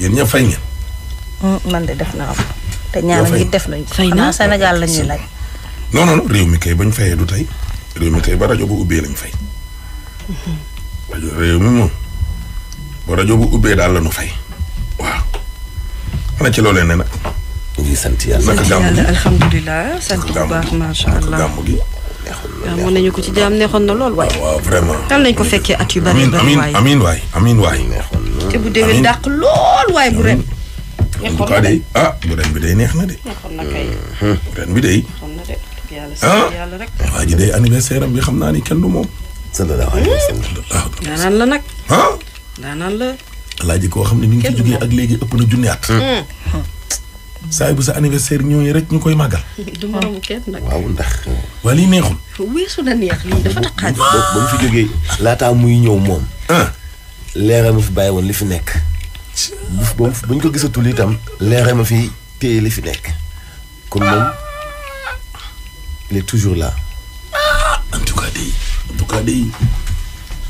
yéen ñëpp fay ngeen. Hmm, man de def naa ko. te ñaanal yi def nañ ko. fay naa Sénégal lañuy laaj. non non réew mi kay bañ fayee du tey réew mi kay ba rajo bu ubbee lañ fay. Hmm. rajo réew mi bu ubbee daal la ñu fay. waaw xanaa ci loolee nee na. ñu ngi sant yàlla naka gàmmu gi alhamdulilah sant bu baax macha allah gàmmu gi. mën ko ci jaam neexoon na lool waaye. waaw vraiment. dal nañ ko waay amiin waay te bu déwén dàq lool waaye bu ren. en tout de bu ren neex na de. bu ren bi day. ah waa ji day anniversaire am bi xam naa ni kenn du moom. sallallahu alayhi wa sallam. daanaan la nag. ah daanaan la. alaaji koo xam ne mi ngi ci ak léegi ëpp na junni at. Hmm. saay bu sa anniversaire ñëwee rek ñu koy màggal. du moromu kenn nag. waaw ndax. waa neexul. weesu na neex lii dafa naqaaj. ba mu fi jógee laataa muy ñëw moom. Ah. leeral ma fi bàyyi woon li fi nekk. bu bu ñu ko gisatul itam leeral ma fi téye li fi nekk kon moom il toujours là. en tout cas day en tout cas day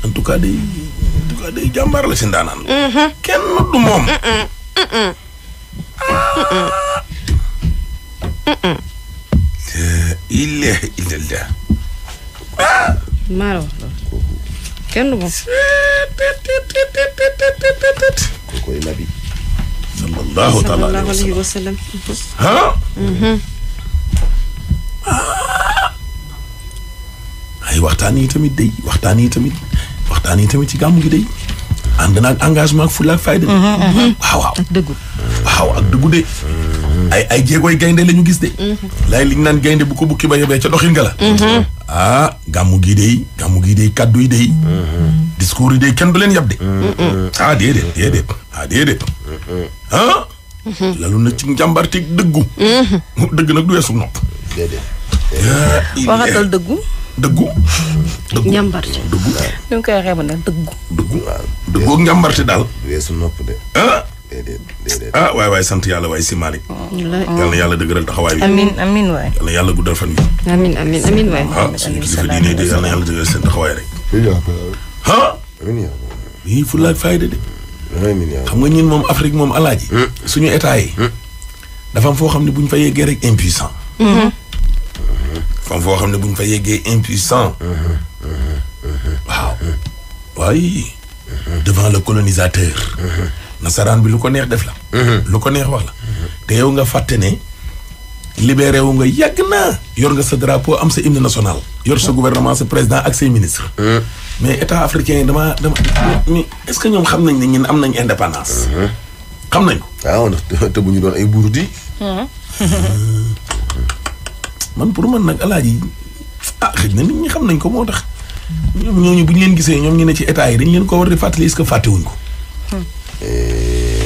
en tout mm-hmm. kenn du moom. il est il est la kenn moom. koy nabi. sallallahu taala sallam. ah. ay waxtaan yi tamit day waxtaan yi tamit waxtaan yi tamit ci gàmm gi day ànd na engagement ak fulla ak fayda. Mm-hmm, mm-hmm. waaw waaw ak dëggu. waaw ak dëggu de. Mm-hmm. ay ay jéegooy gaynde la ñu gis de. laay li ñu naan gaynde bu bukki ba yebee ca doxin nga la. ah gàmmu gii dey gàmmu gii dey kàddu yi dey. discours yi dey kenn du leen yab de. ah déedéet déedéet ah déedéet. ah. lalu na ci njàmbarteeg dëggu. dëgg dëggu. dëggu. dëggu njàmbarte. dëggu. ni mu koy waxee nag dëggu. dëggu dëggu ak njàmbarte daal. du ah waay waay sant yàlla waay si Malick. Mm, mm, yal na yàlla dëgëral taxawaay bi. amiin amiin waay. yal na yàlla guddal fan bi. amiin amiin amiin waay. ah suñu kilifa diine de yal na yàlla dëgëral seen taxawaay rek. ah. yii fu laaj fayda de. xam nga ñun moom Afrique moom alaaji. Mm. suñu état yi. dafa mm-hmm. Mm-hmm. foo xam ne bu ñu fa yeggee impuissant. dafa foo xam ne bu ñu fa yeggee impuissant. waaw. Mm-hmm. waaye. devant le colonisateur. nasaraan bi lu ko neex def la. Mhm. lu ko neex wax la. te yow nga fàtte ne libéré wu nga yàgg naa. yor nga sa drapeau am sa hymne national. yor sa gouvernement sa président ak say ministre mhm. mais état africain yi damaa dama mais est-ce que ñoom xam nañ ne ñun am nañ indépendance. Mhm. xam nañ ko. te bu ñu doon ay buur di. man pour man nag yi ah xëy na nit ñi xam nañ ko moo tax. ñoom ñooñu bu ñu leen gisee ñoom ñu ne ci état yi dañ leen ko war di fàttali est-ce fàttewuñ ko. Hmm.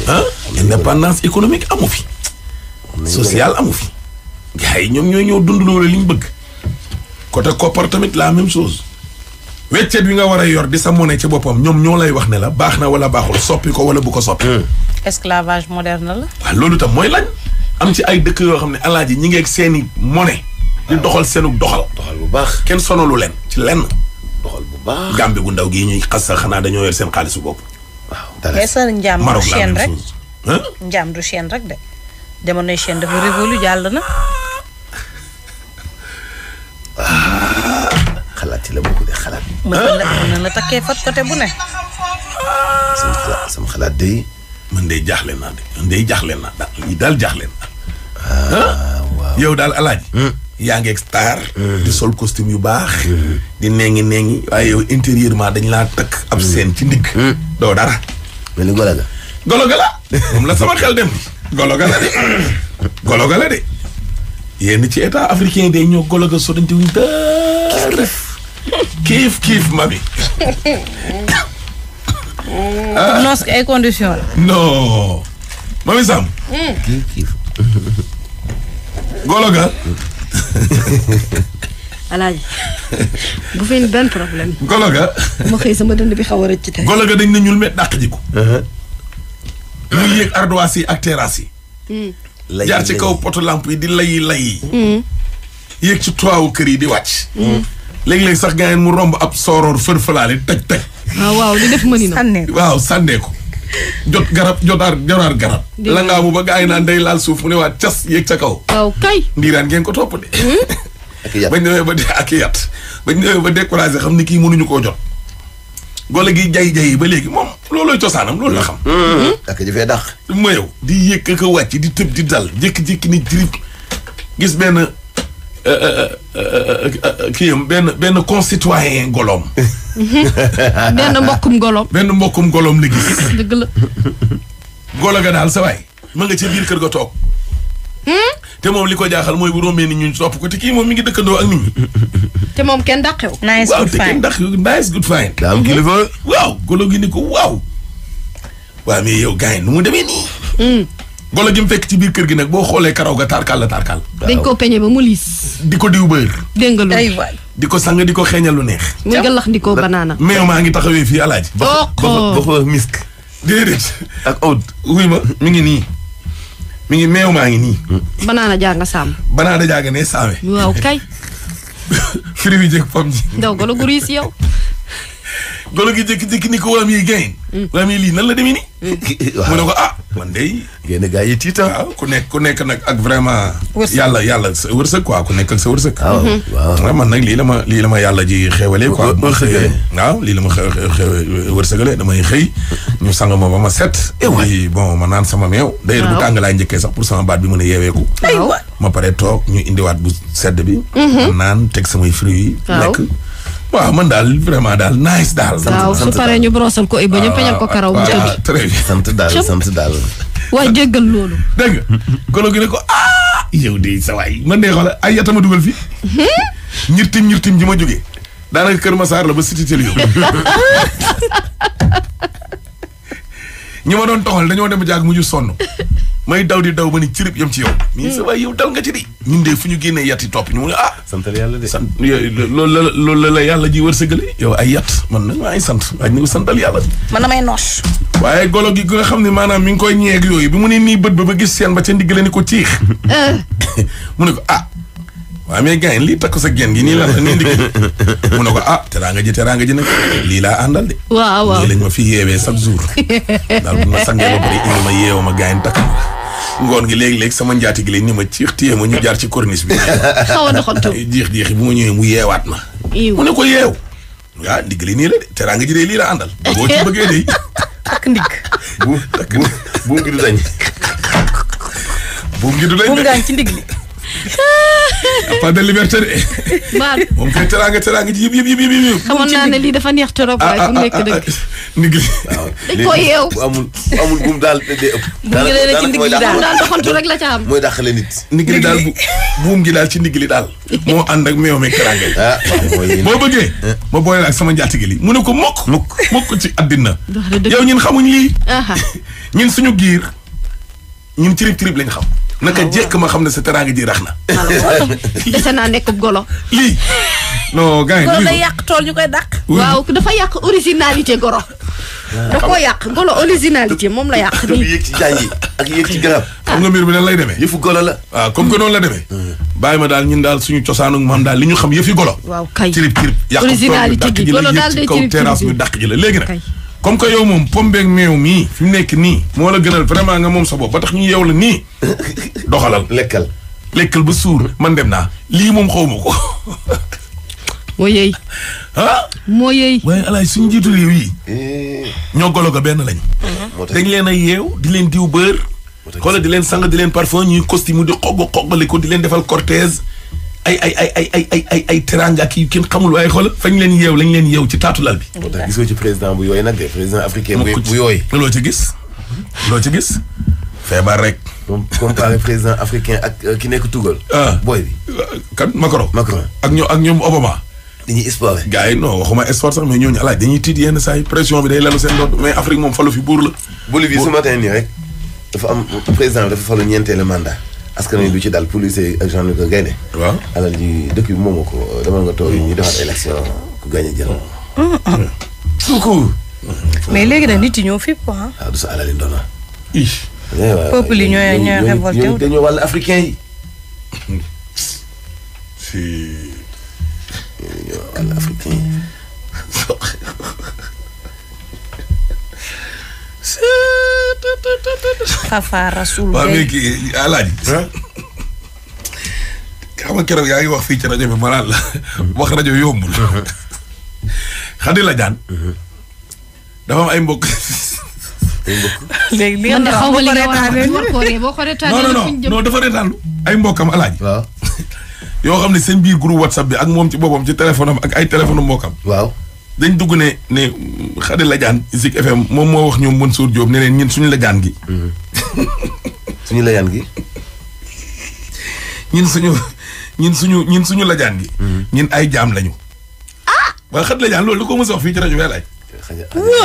ah indépendance économique amu fi. sociale amu fi. gars yi ñoom ñoo ñëw dund loolu li ñu bëgg. côté koppar tamit la même chose. weccet bi nga war a yor di sa monnaie ci boppam ñoom ñoo lay wax ne la baax na wala baaxul soppi ko wala bu ko soppi. Hmm. esclavage moderne la. waaw loolu tam mooy lañ. am ci ay dëkk yoo xam ne alaaji ñi ngeeg seen i monnaie. di doxal seenu doxal. doxal bu baax kenn sonalu leen ci lenn. doxal bu baax. Gàmbi gu ndaw gii ñuy xas sax xanaa dañoo yor seen xaalisu bopp. tales. mais sa njaam du chaîne rek njaam du chaîne rek de. révolu jàll na. Ah, xalaati la boo ko dee xalaat. mën mën na la takkee fat côté bu xalaat sama xalaat day. man day jaaxle naa daal lii ah, yow daal alaaji hmm? yaa ngi star hmm. di sol costume yu baax. Hmm. di nengi nengi waaye yow intérieurement dañ laa takk. ab seen ci ndigg doo dara. mel ni golo ga. golo ga la moom la sama xel dem. golo ga la de golo ga la de yenn ci état africain day ñoo golo ga sodante wuñ dara. kiif kiif mami. ah non ay condition la. non mami Sam. kiif kiif. golo ga. alaaji bu fi golo ga. ma xëy sama dënd bi xaw a rëcc tey. golo ga dañ na ñul met dàq ji ko. Uh-huh. muy yéeg ardoise yi ak terrasse yi. Hmm. jaar ci kaw poto làmp yi di lay layi. Hmm. yéeg ci toiwu kër yi di wàcc. Hmm. léeg-léeg sax gars mu romb ab sooroor fërfëlaale taj taj. Ah, waaw waaw li def mëni na waaw sànnee ko. jot garab jotaar jotaar garab. la ngaa ba gars yi naan day laal suuf mu ne waa cas yéeg ca kaw. waaw kay ndiiraan ngeen ko topp de. ak yat bañ demee ba ak yat bañ demee ba découragé xam ni kii mënuñu koo jot. gole gi jay jay ba léegi moom loolooy cosaanam loolu la xam. Mm-hmm. ak ji fee dàq. yow di yëkk ko wàcc di tëb di dal jékki-jékki ni jirib gis benn euh, euh, euh, kii yam benn benn concitoyen goloom. benn mbokkum goloom. benn mbokkum goloom la gis. golo ga daal sa mën nga ci biir kër ga toog. te moom li ko jaaxal mooy bu rombee ni ñun topp ko te kii moom mi ngi dëkkandoo ak nit ñi. te moom kenn dàqew. nice good fine waaw te kenn dàqew nice good waaw golo gi ni ko waaw. waaw mais yow gars yi nu mu demee nii. Mm. golo gi mu fekk ci biir kër gi nag boo xoolee karaw ga tarkal la tarkal. dañ koo peñe ba mu liis. di ko diw bëyër. dégg nga loolu di ko sang di ko xeeñal lu neex. muy nga lax di ko banaana. mais maa ngi taxawee fii alaaji. ba ba misk. déedéet ak oud wuy ma mi ngi nii. mi ngi meew maa ngi nii. banaana jaa nga saam. banaana jaa nga ne saame. waaw kay. firi wi jëkk golo guri si yow. golo gi jékki-jékki ni ko waa mii gain. waa mii lii nan la demee nii. mu ne ko ah man de. génn gaa yi tiita. Ah. ku nekk ku nekk nag ak vraiment. yàlla yàlla sa wërsëg ko ku nekk ak sa wërsëg. Ah, mhm. waaw man nag lii la ma lii la ma yàlla ji xewalee. quoi wërsëgale waaw lii la ma xew xew wërsëgale damay xëy. ñu sang ma ba ma set. et eh bon ma naan sama meew. waaw d'ailleurs bu tàng laa njëkkee sax pour sama baat bi mën a yeeweeku. ma pare toog ñu indiwaat bu sedd bi. Mhm. naan teg samay fruits yi. lekk waaw man daal vraiment daal nice daal. waaw su paree ñu brosal ko eh, ba ñu ah, peñal ko karaw. waaw très bien sant daal sant daal. waaw jéggal loolu. dégg nga. golo gi ne ko ah yow de sa waay man de xoolal ay yatama dugal fii. Hmm? ñirtim ñirtim ji ma jógee. daanaka Kër ma Masaar la ba Cité Thiel yow. ñi ma doon toxal dañoo dem jaag mujj sonn. may daw di daw ba ni cirib yam ci yow. mais hmm. sa waay yow dal nga ci di. ñun de fu ñu génnee yatti topp ñu mun a ah. santal yàlla de sant la loolu la yàlla ji wërsëgale. yow ay yat man na maa ngi sant waaye ñu ngi santal yàlla. man damay noos. waaye golo gi nga xam ne maanaam mi ngi koy ñeeg yooyu bi mu ne nii bët ba ba gis seen ba ca ndigale ni ko ciix. Euh. mu ne ko ah. waaw mais gars lii takk sa gen gi nii la nii ndig mu ne ko ah teraanga ji teraanga ji nag lii laa àndal de waaw waaw lañ ma fi yeewee chaque jour daal bu ma ma yeew ma takk ngoon gi léegi-léegi sama njaati gi leen ma ciix téye ma ñu jaar ci corniche bi xaw a doxantu jiix jiix bu ma ñëwee mu yeewaat ma mu ne ko yeew waaw ah, nii la de teraanga ji de lii la àndal boo ci du dañ bu ngi du dañ bu ngaan ci ndigg y' a pas de liberté de. baal moom kay teraanga teraanga ji yëpp yëpp yëpp. xamoon naa ne lii dafa neex trop waaye fu mu nekk dëgg. ndig li waaw dañ ko yeew bu amul bu amul buum daal day ëpp. daanaka ci ndig li daal daal doxantu rek la ca am. mooy dàqale nit. ndig li daal bu buum gi daal ci ndig li daal. moo ànd ak meew mi teraanga yi. ah boo bëggee. Ah. ma boole ak sama njaatige li mu ne ko mokk. mokk mokk ci àddina. yow ñun xamuñ lii. ñun suñu giir ñun trip trip lañ xam. naka jekk ma xam ne sa teraanga ji rax na. defe naa nekk golo. lii non gaa ngi golo yàq tool ñu koy dàq. waaw dafa yàq originalité goro. da koo yàq golo originalité moom yàq. nii yéeg ci jaay yi ak yéeg ci garab. xam nga mbir bi nan lay demee. yëfu golo la. Ah, comme que noonu la demee. Hmm. bàyyi ma ñun daal suñu cosaanu maam daal li ñu xam yëfi golo. waaw kay cirib cirib. originalité gi golo daal day cirib dàq ji la léegi na comme que yow moom pombeeg meew mii fi mu nekk nii moo la gënal vraiment nga moom sa bopp ba tax ñu yow la nii doxalal lekkal lekkal ba suur man dem naa lii moom xaw ma ko moo yëy ah moo yëy waaye alaaj suñu njiitu réew yi eh. ñoo golo ga benn lañ dañ leen a yeew di leen diw bër xoolal di leen sang di leen parfum ñuy costume di xogg xoggale ko di leen defal cortège ay ay ay ay ay ay ay ay teranga kii xamul waaye xoolal fañ leen yeew lañ leen yeew ci taatu lal bi. moo tax gisoo ci président bu yooyu nag de président africain. gis loo ci gis. feebar rek. moom comparé président africain ak euh, ki nekk tugal. Ah. booy bi. kan Macron. Macron ak ñoom ak ñoom Obama. dañuy espoir gars yi non waxuma espoir sax mais ñooñu alaaj dañuy tiit yenn saa yi pression bi day lalu seen doot mais Afrique moom falu fi buur la. Bolivie ce matin nii rek dafa am président bi dafa falu ñeenteelu manda askan wi lu ci daal police ak Jean-Luc Gaynde. waaw alal ji dëkk bi moomu ko nga toog ñu defar élection ku gagné jël. Mm-hmm. suuku. Mm-hmm. mais léegi nag nit yi ñoo fi quoi. waaw du sa alal yi ndono. ii. peuple yi ñooy ñooy révolté ñoo wàllu africain yi. Fafa Rasoul. waaw léegi Alaaji. xam nga keroog yaa ngi wax fii ci rajo bi maanaam la wax rajo yombul. Uh-huh. xandi la jaan. Uh-huh. dafa am ay mbokk. léegi li nga xaw ma li nga war a boo ko reetaanee non non non dafa reetaanlu mbokkam Alaaji. xam ne seen biir groupe whatsapp bi ak moom ci boppam ci téléphone am ak ay téléphone mbokkam. waaw. dañ dugg ne ne xade lajaan Zik FM moom moo wax ñoom mën Diop ne leen ñun suñu lajaan gi. Mm-hmm. suñu lajaan gi. ñun suñu ñun suñu ñun suñu lajaan gi. Mm-hmm. ñun ay jaam lañu. ah waaye xade lajaan loolu lu ko mos a fii ci rajo Welaay.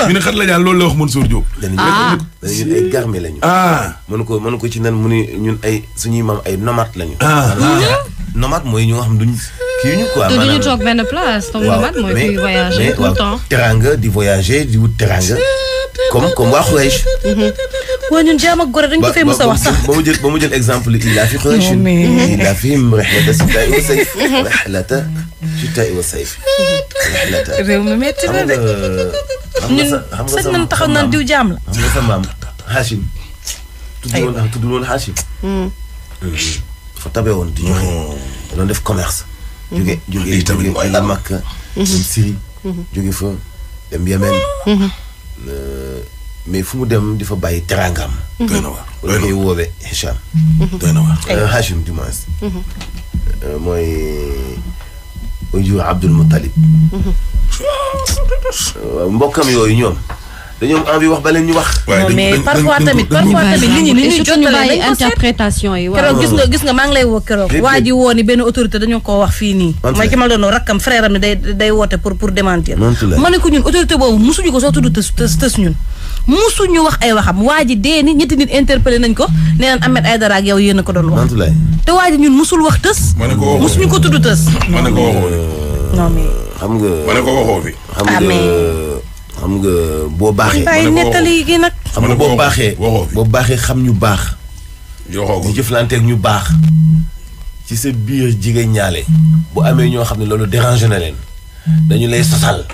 ñu ne xat la ñaan loolu la wax Mansour Diop. ah dañuy ñun ay garmi lañu. ah mënu ko ci nan mu ni ñun ay suñuy maam ay nomade lañu. ah, ah! nomade mooy ñoo xam duñ. kii ñu quoi maanaam du ñu toog benn place. waaw mais mooy kuy di voyager di wut teranga. comme comme waa Quraysh. waa mhm. ñun jaam ak gore dañ ko fee mës a wax sax. ba mu jël ba mu jël exemple yi laa fi Quraysh. laa fi rihlata sitaa'i wa sayf. Mhm. rihlata sitaa'i wa sayf. rihlata réew mi métti na de. xam nga sa xam nga sa maam ñun taxaw naan diw jaam la. xam nga sa maam Hachim. tuddul woon tuddul woon Hachim. Mm. dafa tabe woon di ñu. Mm. doon def commerce. jóge mhm. jóge jóge Makka mhm. dem Syrie mhm. jóge fa dem Yemen euh, mais fu mu dem di fa bàyyi teraangaam doy na waar doy na koy woowe Hicham doy na waar euh, Hachim du moins euh, mooy aujour Abdul Muttalib waaw mbokkam yooyu ñoom dañoo am envie wax ba leen ñu wax. waaye mais gis nga maa ngi lay woo keroog. waa ji woo ni benn autorité dañoo koo wax fii nii. mooy ki ma doon rakkam frère am ni day day woote pour pour démentir. ma ne ko ñun autorité boobu ko soo tudd ay waxam waa ji dee ni ñetti nit interpellé ak yow yéen a ko doon wax. te waa ji ñun musul wax tës. musuñu ko tudd tës. ma ne ko waxoo non euh, ko waxoo fi. xam xam nga boo baaxee. ay nettali gi nag. xam nga boo baaxee boo baaxee xam ñu baax. ñu jëflanteeg ñu baax. ci sa biir jigéen ñaale. bu amee ñoo xam ne loolu dérange na leen. dañu lay sosal.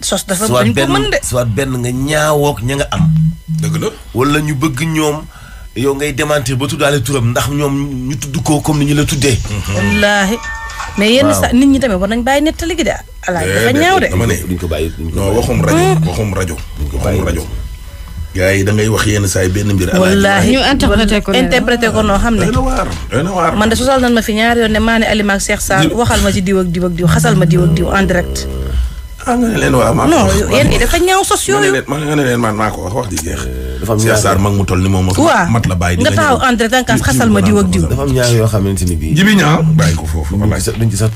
sos dafa bañ ko benn nga ñaawook ña nga am. dëgg la ñu bëgg ñoom. yow ngay demantir ba tuddaale turam ndax ñoom ñu tudd ko comme ni ñu la tuddee. mais yenn sa nit ñi tamit war nañ bàyyi nettali gi de. alaay dafa ñaaw de dama ne duñ ko bàyyi non waxum rajo hmm? waxum rajo. waxum rajo. gars yi da ngay wax yenn saa yi benn mbir. wallaahi ñu interprété ko noo xam ne. man de sosal nan ma fi ñaari yoon ne maa ne Alima ak Cheikh Sarr waxal ma ci diw ak diw ak diw xasal ma diw ak diw en direct. ah nga ne leen waaw maa ko wax. non yéen ñi dafa la bàyyi. yoo xamante ni bii. jibi ñaa bàyyi ko foofu. walaay duñ ci sa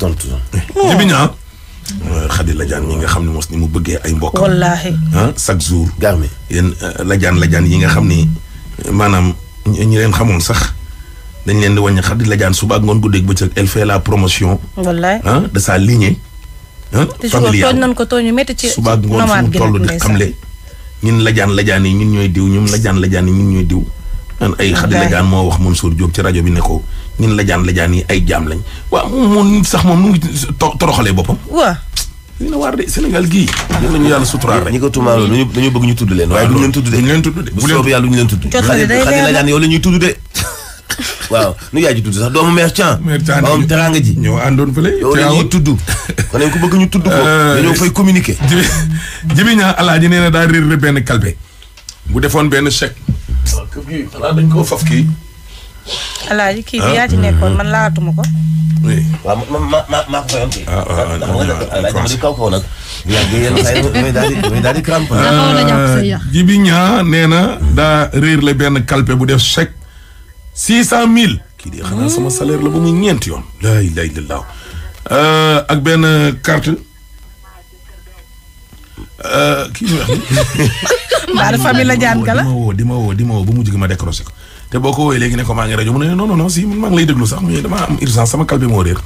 euh, Lajaan ñi nga xam ne mos ni mu bëggee ay mbokk. wallaahi chaque jour. garmi yéen Lajaan euh, Lajaan yi nga xam ni maanaam ñi leen xamoon sax. dañ leen di wàññi Xadi Lajaan suba ak ngoon guddeeg bëccëg elle fait la promotion. wallaay de familial nañ ko tooñ métti ci suba ngoon fu mu toll di xamle ñun lajaan lajaan yi ñun ñooy diw ñoom lajaan lajaan yi ñun ñooy diw an ay xadi lajaan moo wax Mansour Diop ci rajo bi ne ko ñun lajaan lajaan yi ay jaam lañ waa moom sax moom nu ngi toroxalee boppam waaw dina waar de Sénégal gii ñun lañu yàlla suturaal dañu bëgg ñu tudd leen waaye duñu leen tudd de bu leen tudd xadi lajaan yow la ñuy tudd de waaw nu yaay ji tudd sax doomu mère Thiam. mère Thiam moom ñoo àndoon fële. yow la ñuy tudd. kon bëgg ñu tudd ko. dañoo fay communiquer. Jibi ñaa alaaji daa réer benn kalbe bu defoon benn chèque. waaw kër laatuma ko. oui ma ma ma maa na la benn kalpe bu def chèque. six cent mille kii dee xanaa sama salaire la ba muy ñeenti yoon laa ilaha illallah euh, ak benn carte euh, kii nu wax ni mbaa famille la jaan gala ma woo di ma woo di ma woo ba mujj gi ma décroché ko te boo ko wooyee léegi ne ko maa ngi rajo mu ne non non non si maa ngi lay déglu sax mais dama am sama kalbe moo réer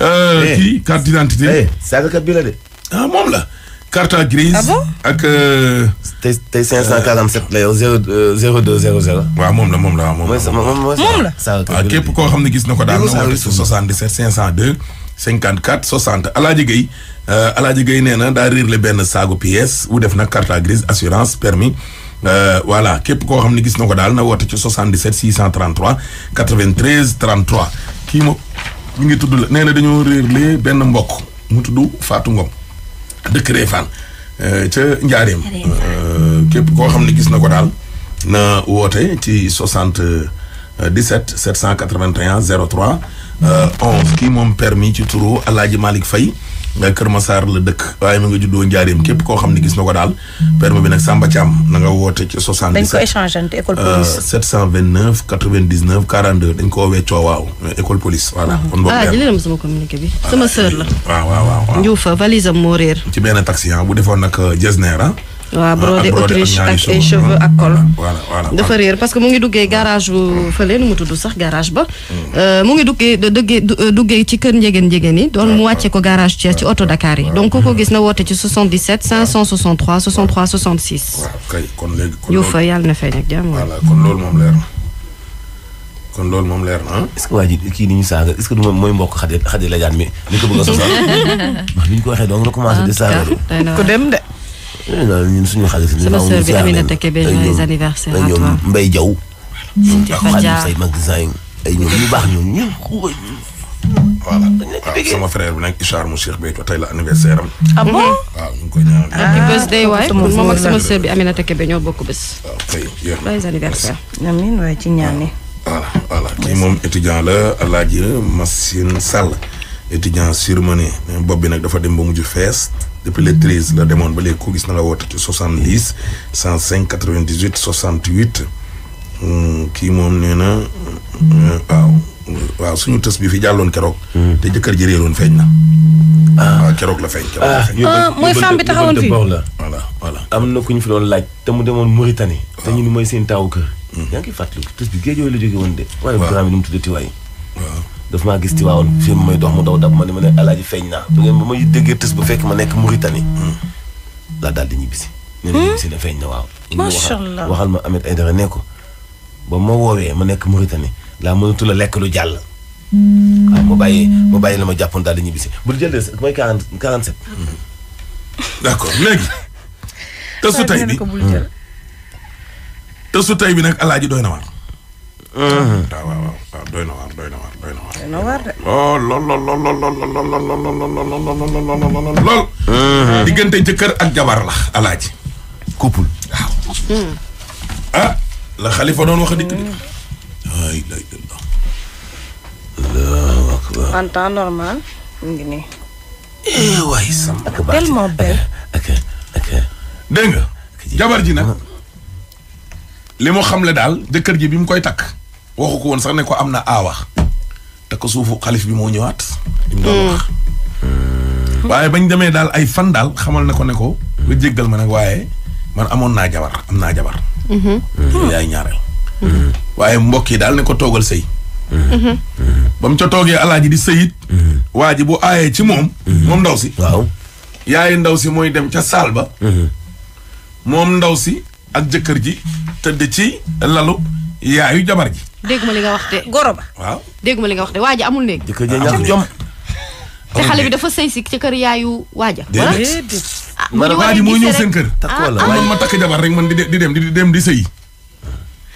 euh, eh. kii carte d'identité eh, sagakat bi la de ah, moom la carte grise. ah te ak. Euh, tey tey 547 la yow 0 02 00. waaw moom la moom la waaw moom la moom la. Ah, képp koo xam ne gis na ko daal na woote si 77 502 54 60 Alaaji Gueye euh, Alaaji Gueye nee na daa riir le benn saagu pièce wu def nag carte grise assurance permis euh, voilà képp koo xam ne gis na ko daal na woote ci 77 633 93 33 kii moom mi ngi tudd la nee na dañoo riir le benn mbokk mu tudd Fatou Ngom. dëkk Réfane euh, ca Njaareem euh, képp koo xam ne gis na ko daal na woote ci 77 781 03 11 kii moom permis ci turu Alaaji Malick Faye mais Kër Massar la dëkk waaye ma nga juddoo Njaareem képp koo xam ne gis na ko daal permis bi nag Samba Thiam na nga woote ci 77 dañ ko échangeante école euh, police 729 99 42 dañ ko weccoo waaw école police voilà ah jëlee na ma sama communiqué bi sama sœur la waaw waaw waaw Ndiouf valise am moo réer ci benn taxi ah, bu defoon nag euh, Jesner ah waaw ah, brodé autriche ay cheveux ak col dafa réer parce que mu ngi duggee garage bu fële mu tudd sax garage ba hmm. euh, mu ngi duggee duggee euh, duggee ci kër njegéen njegéen yi doon mu wàcce ko garage Thiès ci oto Dakar yi donc ku ko hmm. gis na woote ci 77 563 63 66 kay kon léegi yu fa na feeñ ak jàmm loolu moom leer na kon loolu moom leer na ah. est-ce que waa ji kii ni ñu saaga est-ce que du mooy mbokk xadi xadi la jaan mi ni ko bëgg a sosal ndax ko waxee donc recommencé di ah, dem de Eh, ñun suñu xaalis. sama sœur bi Aminata Kébé ñooy anniversaire à toi Mbaye Diaw. say magasin ay ñoom ñu baax ñoom ñu voilà sama frère bi nag Ishaar mu Cheikh Beyto tey la anniversaire am. ah bon waaw ñu ngi koy ñaanal. happy birthday waay moom ak sama sœur bi Aminata Kébé ñoo bokk bés. waaw kay joyeux anniversaire. amiin waay ci ñaani. voilà voilà kii moom étudiant la Alaaji Massine Sall étudiant surmené bopp bi nag dafa dem ba mujj fees. depuis le treize la demoon ba léegi ko gis na la woote ci soixante dix cent cinq quatre vingt dix huit soixante huit hmm, kii moom nee na hmm, waaw waaw suñu tës bi fi jàlloon keroog. Hmm. te jëkkër ji réeroon feeñ na. ah keroog la feeñ. keroog la ah. feeñ ah mooy femme bi taxawoon fii voilà am na ku ñu fi doon laaj te mu demoon Mauritanie. te ñu ni mooy seen taawu kër. yaa ngi fàttaliku tës bi géej yooyu la jógee woon de. waaye programme bi nu mu tuddati waaye. daf maa gis Tiwaawoon fii ma may dox mu daw dab ma ni ma ne alaaji feeñ naa bu ngeen ba may déggee tës bu fekk ma nekk Mauritanie hmm. laa daal di ñibbisi ne hmm? ñibbisi ne feeñ na waaw macha allah waxal ma Ahmed Aïdara ne ko ba ma woowee ma nekk Mauritanie laa mënatul a lekk lu jàll waaw hmm. ah, ma bàyyi ma bàyyi la ma jàppoon daal di ñibbisi bu jël mooy quarante quarante sept d'accord léegi tësu tay bi tësu tay bi nag alaaji doy na waar waaw waaw waaw doy na waar doy jëkkër ak jabar la alaaji. couple waaw. Ah, la xalifa doon wax dëgg dëgg. ay lay illah. allahu akbar. en normal mu ngi nii. eh sama. ak tellement belle jabar ji nag ah. li mu xamle daal jëkkër ji bi mu koy takk. waxu ko woon sax ne ko am na aawax te ko suufu xalif bi moo ñëwaat. li mu hmm. waaye bañ demee daal ay fan daal xamal na ko ne ko. nga jéggal ma nag waaye man amoon naa jabar am naa jabar. Mhm. Hmm. yaay ñaareel. Hmm. waaye mbokk yi daal ne ko toogal sëy. Mhm. ba mu ca toogee alaaji di sëyit. waa ji bu aayee ci moom. moom ndaw si. waaw ndaw si mooy dem ca saal ba. moom ndaw si ak jëkkër ji tëdd ci lalu. yaayu jabar ji. dégg ma li nga wax de. goro ba waaw. dégg ma li nga wax de waaja amul néeg. jëkkër ja ñàkk jom. te xale bi dafa sëy si ca kër yaayu waaja. déedéet ah, wala waaji moo ñëw seen kër. Ah, man ma takk jabar rek man di di dem di dem di sëyi.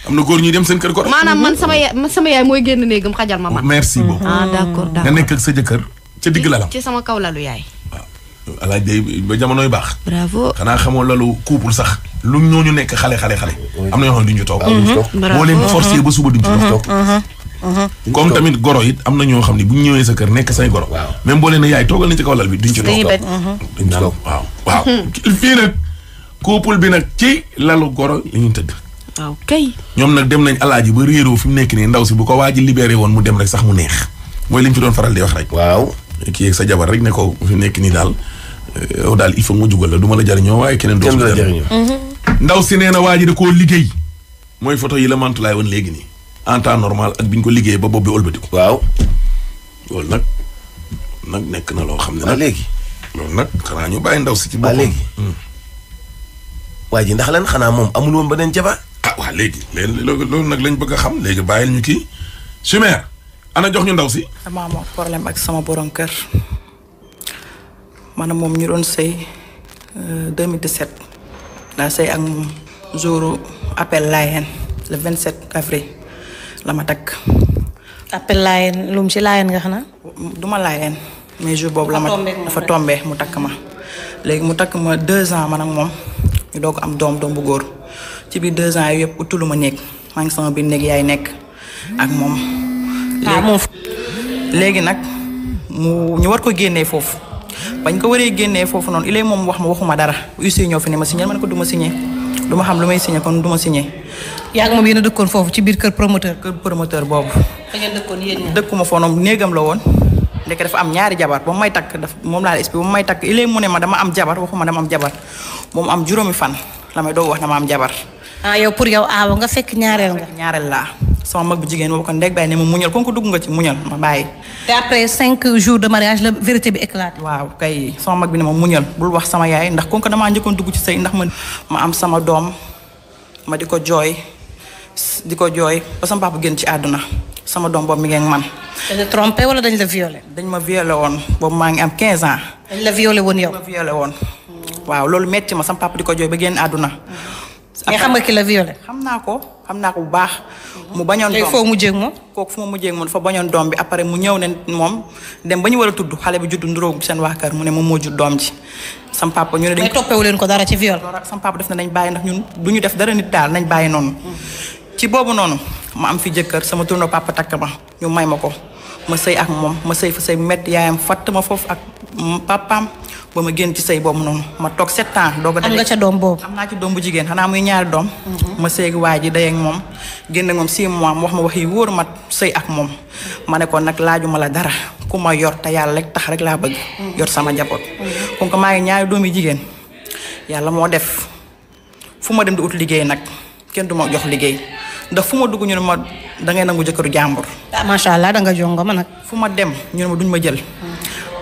am na góor ñu dem seen kër goro. maanaam man sama yaay sama yaay mooy génn néegam xajal ma man. merci beaucoup. ah d'accord d'accord nga nekk sa jëkkër ca digg lalam. ci sama kaw lalu yaay. alaaj day ba jamonoy baax. bravo xanaa xamoo loolu couple sax. lu ñu nekk xale xale xale. am na xam ne duñ ci toog. boo leen uh-huh. forcé ba suba duñ ci toog. Uh-huh. Uh-huh. goro it am na ñoo xam ne bu ñu ñëwee sa kër nekk say goro. même boo leen ne yaay toogal nañ ci kaw lal bi duñ ci toog. waaw waaw. fii nag couple bi nag ci lalu goro li ñu tëdd. waaw kay. ñoom nag dem nañ alaaji ba réeroo fi mu nekk nii ndaw si bu ko waa ji libéré woon mu dem rek sax mu neex mooy li ñu fi doon faral di wax rek. waaw kii ak sa jabar rek ne ko fi nekk nii daal yow daal il faut mu jugal la du ma la jariñoo waaye keneen dootu mm-hmm. ndaw si nee na waa ji da koo liggéey mooy photo yi la mantulaay woon léegi nii en temps normal ak bi ñu ko liggéey ba bopp bi ëlbatiku waaw loolu nag nag nekk na loo xam ne nag léegi loolu nag xanaa ñu bàyyi ndaw si ci boppam léegi mm. ji ndax lan xanaa moom amul woon beneen ah, léegi léegi loolu nag lañ bëgg a xam léegi bàyyil ñu kii Chimère ana jox ñu ndaw si damaa amoon problème ak sama borom kër maanaam moom ñu doon sëy 2017 euh, laa sëy ak moom jouru appel laayeen le 27 avril la ma takk. appel laayeen lu mu ci laayeen nga xanaa. du ma laayeen mais jour boobu la ma dafa tombe mu takk ma léegi mu takk ma deux ans man ak moom ñu doog am doom doom bu góor ci biir deux ans yëpp utulu ma néeg maa ngi sama biir néeg yaay nekk ak moom. Ah, léegi nag mu ñu war ko génnee foofu. bañ ko waree génnee foofu noonu ilay moom wax ma waxuma dara huissier ñoo fi ne ma signé ma ne ko du ma signé ma xam lu may signé kon du ma signé. yaa ngi moom yéen a dëkkoon foofu ci biir kër promoteur. kër promoteur boobu. da ngeen dëkkoon yéen ñaar dëkkuma foofu noonu néegam la woon. ndeke dafa am ñaari jabar ba mu may takk daf moom laa la expliqué ba mu may takk ilay mu ne ma dama am jabar waxuma dama am jabar moom am juróomi fan la may doog wax ma am jabar ah yow pour yow aawa ah, nga fekk ñaareel nga. ñaareel laa sama mag bu jigéen boobu kon ndeg bàyyi ne ma muñal kon ko dugg nga ci muñal ma bàyyi. te après cinq jours de mariage la vérité bi éclate. waaw kay sama mag bi ne ma muñal bul wax sama yaay ndax kon ko damaa njëkkoon dugg ci sëy ndax man ma am sama doom ma di ko jooy di ko jooy ba sama papa génn ci àdduna sama doom boobu mi ngi man. dañ la trompé wala dañ la violé. dañ ma violé woon boobu maa ngi am 15 ans. dañ la violé woon yow. woon. waaw loolu metti ma sama papa di ko jooy ba génn àdduna. mais xam nga ki la violé. xam naa ko xam naa ko bu baax. mu bañoon doom tey foo mujjee ak moom. kooku bañoon doom bi après mu ñëw ne moom dem ba war a tudd xale bi judd nduróog seen waa kër mu ne moom moo jur doom ji. sam papa ñu ne dañ mais toppewu leen ko dara ci sam papa def na nañ bàyyi ndax ñun du ñu def dara nit daal nañ bàyyi noonu. ci boobu noonu ma am fi jëkkër sama turno papa takk ma ñu may ma ko ma sëy ak moom ma sëy fa sëy métti yaayam fatt ma foofu ak papaam. ba ma génn ci sëy boobu noonu ma toog sept ans. doog a am nga ca doom boobu. am naa ci doom bu jigéen xanaa muy ñaari doom. Mhm. ma sëy waa ji dayeeg moom génn moom six mois mu wax ma wax yi wóor ma sëy ak moom ma ne ko nag laajuma la dara ku ma yor te yàlla rek tax rek laa bëgg. Mhm. yor sama njaboot. Mhm. kon ko maa ngi ñaari doom yi jigéen yàlla moo def fu ma dem di ut liggéey nag kenn du ma jox liggéey. ndax fu ma dugg ñu ne ma da ngay nangu jëkkëru jàmbur. macha allah da nga jongo ma nag. fu ma dem duñ ma jël.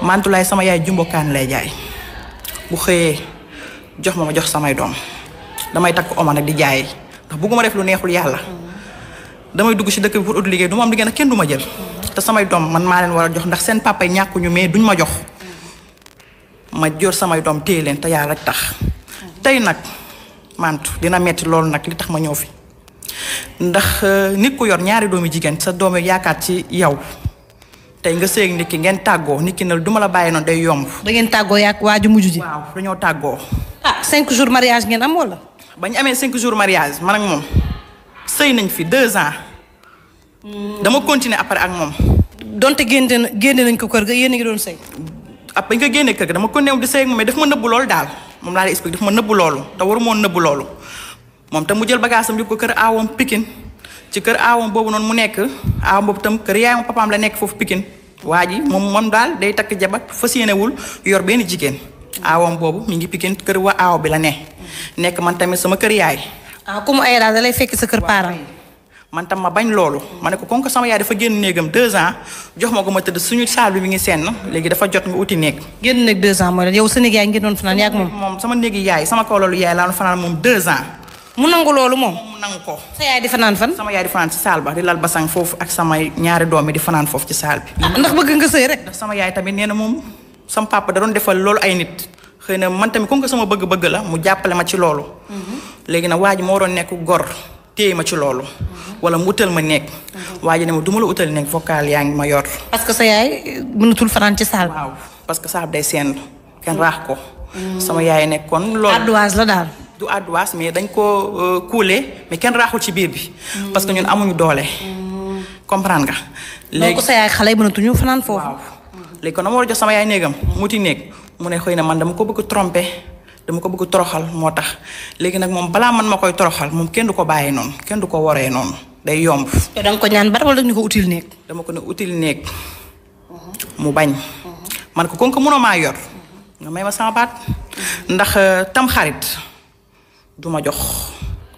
mantulaay sama yaay jumbokaan lay jaay bu xëyee jox ma ma jox samay doom damay takk oma nag di jaay ndax bugguma def lu neexul yàlla damay dugg ci dëkk bi pour ut liggéey du ma am liggéey nag kenn du ma jël te samay doom man maa leen war a jox ndax seen papa yi ñàkkuñu mais duñ ma jox ma jor samay doom téye leen te yàlla rek tax tey nag mantu dina metti loolu nag li tax ma ñëw fi ndax euh, nit ku yor ñaari doomi jigéen sa doom yaakaar ci yow tey nga seeg nit ngeen tàggoo nikki na nag duma la bàyyi noonu day yomb. da ngeen tàggoo yaa waa ji ji. waaw dañoo tàggoo. ah cinq jours mariage ngeen am wala. ba ñu amee cinq jours mariage man ak moom sëy nañ fi deux ans. dama continuer après ak moom. donte génne na génne nañ ko kër ga yéen a ngi doon sëy. ab bañ génne kër ga dama continuer di sëy ak moom mais daf ma nëbbu loolu daal moom laa lay expliqué daf ma nëbbu loolu te war ma woon nëbbu loolu moom te mu jël bagage am yóbbu ko kër ci kër aawam boobu noonu mu nekk aawam boobu tam kër yaayam papaam la nekk foofu Pikine waa ji moom moom daal day takk jabar fas yéenewul yor benn jigéen aawam boobu mu ngi Pikine kër wa aaw bi la ne nekk man tamit sama kër yaay. ah ku mu ay daal da lay kër parent. tam ma bañ loolu ma ne ko kon sama yaay dafa génn néegam deux jox ma ko ma tëdd suñu saal bi mi ngi senn léegi dafa jot nga uti néeg. génn néeg deux ans mooy yow sa néeg yaay ngeen doon fanaan yaa ak moom. moom sama néegi yaay sama kaw loolu yaay laa doon fanaan moom mu nangu loolu moom. mu nangu ko. sa yaay di fanaan fan. sama yaay di fanaan ci saal ba di lal basan foofu ak samay ñaari doom yi di fanaan foofu ci saal bi. Ah, ndax bëgg nga sëy rek. ndax sama yaay tamit nee na moom sama papa da defal loolu ay nit. xëy na man tamit comme sama bëgg-bëgg la mu jàppale ma ci loolu. Mhm. léegi nag waa ji moo doon nekk gor téye ma ci loolu. Mhm. wala mu ma nekk. Mhm. waa ji ne ma la utal nekk vocal yaa ngi ma yor. parce que sa yaay mënatul fanaan ci saal. waaw parce que saal day seen. kenn raax ko. sama yaay nekkoon loolu. ardoise la daal. du ardoise mais dañ ko euh, couler mais kenn raaxul ci biir bi. parce que ñun amuñu doole. comprendre nga. léegi sa yaay xale yi fanaan foofu. waaw léegi kon dama war a yaay néegam muuti néeg mu ne xëy na man dama ko bëgg tromper dama ko bëgg toroxal moo tax léegi nag moom balaa man ma koy toroxal moom kenn du ko bàyyi noonu kenn du ko waree noonu day yomb. te da nga ko ñaan bara wala ñu ko util néeg. dama ko ne util néeg. mu bañ. man ko kon ko mënoo yor. nga may ma sama baat. ndax euh, tam xarit. duma ma jox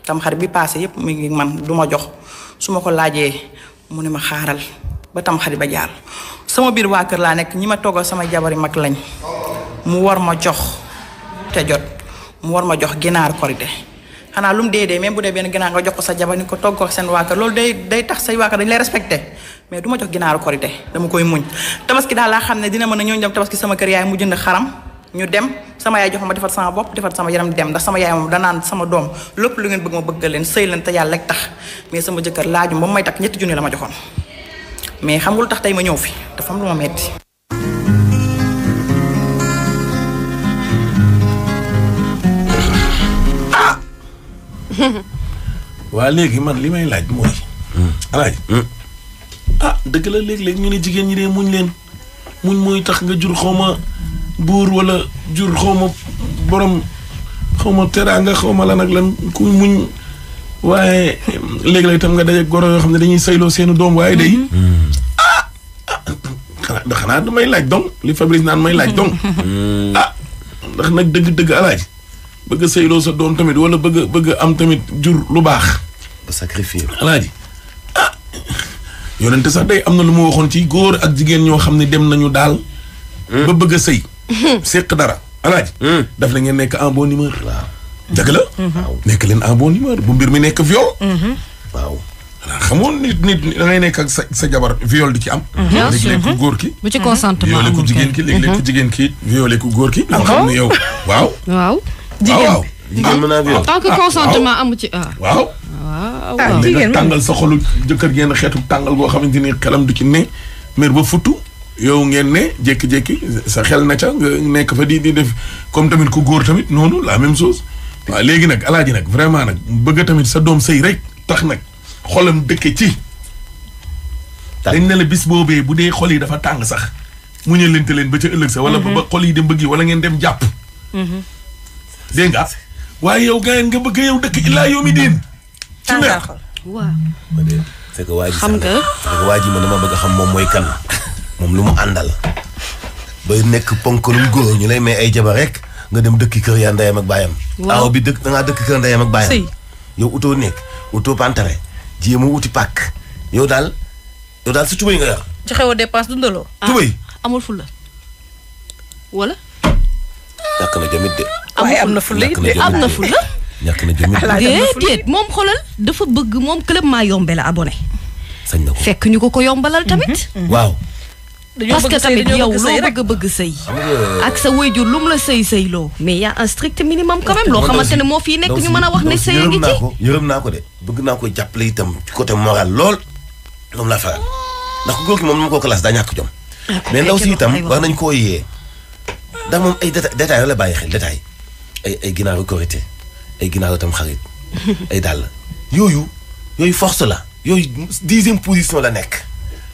tamxarit bi paase yépp mu ngi man du ma jox su ma ko laajee mu ne ma xaaral ba tamxarit ba jaar sama biir waa kër laa nekk ñi ma toggal sama jabari mag lañ mu war ma jox te jot mu war ma jox ginaar korite xanaa lu dee dee même bu dee benn ginaar nga jox ko sa jabar ni ko togg ko seen waa kër loolu day day tax say waa kër dañ lay respecté mais du ma jox ginaaru korité dama koy muñ tabaski daal laa xam ne dina mën a ñëw dem tabaski sama kër yaay mu jënd xaram ñu dem sama yaay jox ma defar sama bopp defar sama yaram dem ndax sama yaay moom danaan sama doom lépp lu ngeen bëgg ma bëgg leen sëy leen te yàlla rek tax mais sama jëkkër laajum ba may takk ñetti junni la ma joxoon mais xam nga lu tax tey ma ñëw fi dafa am lu ma metti ah! waa li may laaj mooy. Hmm. Hmm. Ah, dëgg la léeg-léeg ñu ne jigéen ñi de muñ leen muñ mooy tax nga jur xaw ma buur wala jur xawma borom xawma teraanga xawma lan ak lan ku muñ waaye léegi la tam nga daje goro yoo xam ne dañuy sayloo seenu doom waaye day mm-hmm. Mm-hmm. ah, ah xanaa xanaa may laaj donc li Fabrice naan may laaj donc mm-hmm. ah ndax nag dëgg-dëgg alaaj bëgg a sayloo sa doom tamit wala bëgg am tamit jur lu baax ba sacrifier alaaji ah yonente sax day am na lu mu waxoon ci góor ak jigéen ñoo xam ne dem nañu daal mm. ba bëgg a sëy séq dara alaaji hmm. daf la ngeen nekk en bonne humeur dëgg la hmm. waaw nekk leen en bonne humeur bu mbir mi nekk viol hmm. waaw xamoon nit nit da ngay nekk ak sa sa jabar viol di ci am léeg-léeg ku góor ki bu ci consentement violé ku jigéen ki léeg-léeg ku jigéen ki violé ku góor ki loo xam ne yow waaw waaw jigéen jigéen mën naa viol tant que ah, consentement amu ci ah. waaw waaw tàngal sa xolu jëkkër genn xeetu tàngal goo xamante ni xelam du ci ne mer ba futu yow ngeen ne jékki-jékki sa xel na ca nekk fa di di def comme tamit ku góor tamit noonu la même chose. waa léegi nag alaaji nag vraiment nag bëgg tamit sa doom sëy rek tax nag xolam dëkk ci. dañ ne la bis boobee bu dee xol yi dafa tàng sax mu ñu lente leen ba ca ëllëg sa wala mhm. ba xol yi dem bëgg yi wala ngeen dem jàpp. Mhm. dégg nga waaye yow gars nga bëgg yow dëkk illaa yow mi diin. ci mer waaw. xam nga. waa ji man dama bëgg xam moom mooy kan la. moom lu mu àndal bay nekk ponkalum góor ñu lay may ay jabar rek nga dem dëkk kër yaa ndeyam ak baayam. waaw aw bi dëkk da ngaa dëkk kër ndeyam ak baayam. yow utoo nekk utoo pantare jéem a wuti pàkk yow daal yow daal sa tubéy nga yor. joxe woo dépense dundaloo. Ah, tubéy ah, amul fulla wala. ñàkk na jomit de. waaye am na fulla de am fulla ñàkk na jomit de. déedéet moom xoolal dafa bëgg moom club maa yombe la abonné. fekk ñu ko ko yombalal tamit. parce que tamit yow sa bëgg bëgg sëy euh, ak sa wayjur lu mu la sëy sëy loo mais y a un strict minimum quand loo xamante ne moo fii nekk ñu mën a wax ne sëy a ngi ci yërëm naa ko de bëgg naa ko jàppale itam ci côté moral lool moom laa faral ndax góor gi moom nu ma ko classe daa ñàkk jom ah, mais ndaw si itam war nañ koo yee ndax moom ay détail la la bàyyi xel détail ay ay ginaaru korité ay ginaaru tam xarit ay dàll yooyu yooyu force la yooyu dixième position la nekk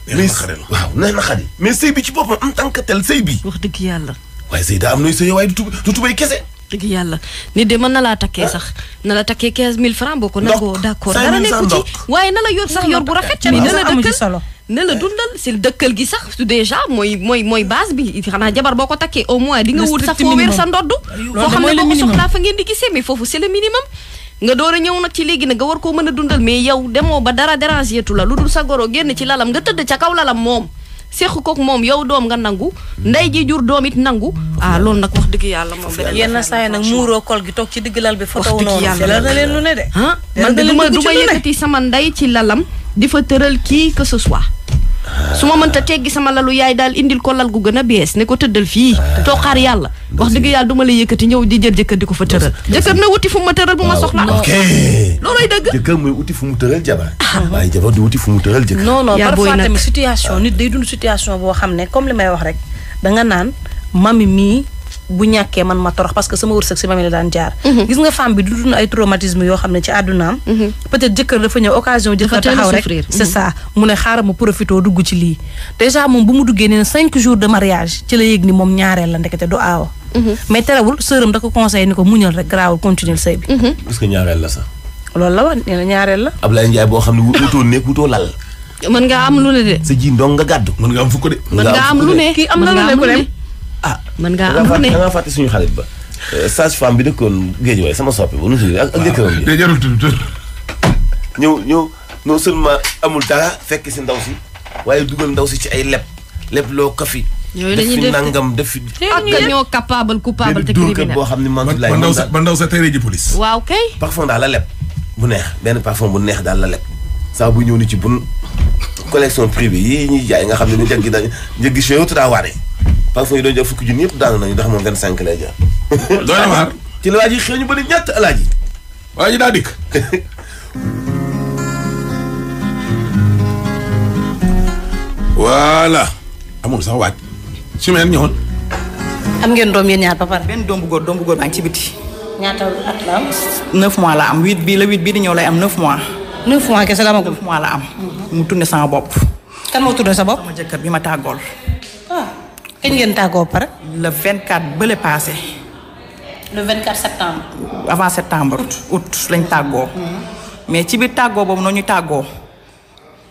waaw neex na xadi mais sëy bi ci boppam en tel sëy bi wax dëgg yàlla waaye sëy am nooy sëy waaye du tub du dëgg yàlla nit de mën na laa takkee ah. sax na la takkee quinze mille francs boo ko nangoo d'accord dara nekku ci waaye na la yor sax yor bu rafet mais na dundal si dëkkal gi sax su déjà mooy mooy mooy base bi xanaa jabar boo ko takkee au moins di nga wut sax foo wér sa ndodd foo foofu c'est minimum nga door a ñëw nag ci léegi nag nga war koo mën a dundal mais yow demoo ba dara déranger la lu dul sa goro génn ci lalam nga tëdd ca kaw lalam moom séq kook moom yow doom nga nangu ndey ji jur doom it nangu ah loolu nag wax dëgg yàlla moom beneen yenn saa nag muuroo kol gi toog ci digg lal bi photo noonu la na leen lu ne de ah, man de du ma yëkkati sama ndey ci lalam di fa tëral kii que ce soit su ma mënta teggi sama lalu yaay daal indil ko lal gu gën a bees ne ko tëddal fii ah. toog xaar yàlla wax dëgg yàlla duma ma la yëkkati ñëw di jël jëkkër di ko fa tëral jëkkër na wuti fu mu ma tëral bu ma soxla looloy dëgg jëkkër muy wuti fu mu tëral jabar ah. waaye jabar di wuti fu mu tëral jëkkër non non parfois tamit situation nit day dund situation boo xam ne comme li may wax rek danga naan mami mii bu ñàkkee man ma torox parce que sama wërsëg si ma la daan jaar mhm. gis nga femme bi du dund ay traumatisme yoo xam ne ci àddunaam mhm. peut jëkkër dafa ñëw occasion jëkkër taxaw rek c'est mhm. ça mu ne moom bu mu duggee nee na cinq jours de mariage ci la yëg ni du aawa mais terewul sëram da ko conseillé ni ko muñal rek garaawul continuer sëy bi parce que ñaareel la sax loolu la woon nee ñaareel la Ablaye Ndiaye boo xam ne wutoo nekk wutoo lal mën nga am lu ne de sa ji ndong nga gàddu ah mën ngaa am ne da ngaa fàtte suñu xarit ba. Euh, sage femme bi dëkkoon géej waaye sama soppi ba nu mu ak ak jëkkëram ah, ñëw ñëw non seulement amul dara fekk si ndaw si waaye dugal ndaw si ci ay leb leb loo ko fi. yooyu dañuy def nangam def fi. ak ñoo capable coupable te criminel boo xam ne man. ba ndaw sa ba ndaw sa tere ji police. waaw kay. parfum daal la leb bu neex benn parfum bu neex daal la leb saa bu ñëw ni ci bun collection privée yii ñuy jaay nga xam ne njëg gi dañu njëg gi cher daa waane parfois yi doon jël fukki junni yëpp daanu nañu ndax moom 25 lay jar. doy na waar. ci laaj yi xëy ñu bëri ñett alaaj daa dikk. voilà. amul su ma am ngeen doom yéen ñaar ba benn doom bu góor doom bu góor baa ngi ci biti. ñaata at la am. 9 mois la am 8 bii la 8 bii di ñëw lay am 9 mois. 9 mois kese la amagul 9 mois la am. Mhm. mu tourné sama bopp. kan moo tourné sa bopp. bi ma tàggool. kañ ngeen tàggoo pare. le 24 bële paase. le 24 septembre. avant septembre août lañ tàggoo. Mm-hmm. mais ci biir tàggoo boobu noonu ñu tàggoo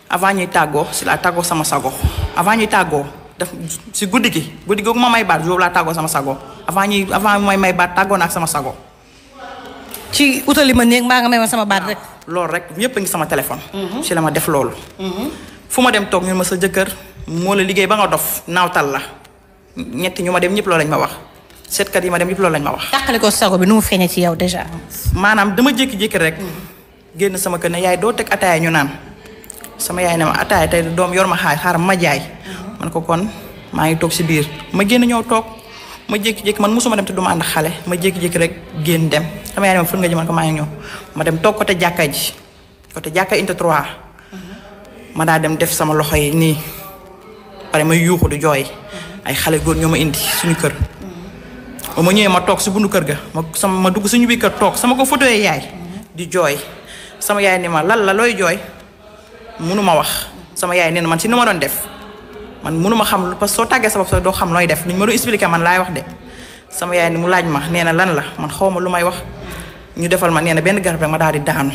avant ñuy tàggoo si laa tàggoo sama sago avant ñuy tàggoo daf si guddi gi guddi googu ma may baat laa tàggoo sama sago avant ñuy avant may may baat tàggoo naa ak sama sago. ci utali ma néeg mbaa nga may ma sama baat rek. loolu rek ñëpp a ngi sama téléphone. si mm-hmm. la ma def loolu. Mm-hmm. fu ma dem toog ñu ma sa jëkkër moo la liggéey ba nga dof la. ñett ñu ma dem ñëpp loolu lañ ma wax seetkat yi ma dem ñëpp loolu lañ ma wax. tàqale ko sago bi nu mu feeñee ci yow déjà. maanaam dama jékki-jékki rek génn sama kër ne yaay doo teg ataaya ñu naan sama yaay ne ma ataaya tey doom yor ma xaar xaaral ma man ko kon maa ngi toog si biir ma génn ñëw toog ma jékki-jékki man mosuma dem te du ma ànd xale ma jékki rek génn dem sama yaay ne ma fu nga ji man ko maa ngi ñëw ma dem toog côté jàkka ji côté jàkka inte trois ma daa dem def sama loxo yi nii pare ma yuuxu jooy. ay xale góor ñoo ma indi suñu kër. ba ma ñëwee ma toog si bundu kër ga ma sama ma dugg suñu biir kër toog sama ko foto yaay. di jooy sama yaay ni ma lan la looy jooy mënuma wax sama yaay nee na man si nu ma doon def man munuma xam parce que soo tàggee sa bopp doo xam nooy def ni ma doon expliqué man laay wax de. sama yaay ni mu laaj ma nee na lan la man xaw ma lu may wax ñu defal ma nee na benn garab rek ma daal di daanu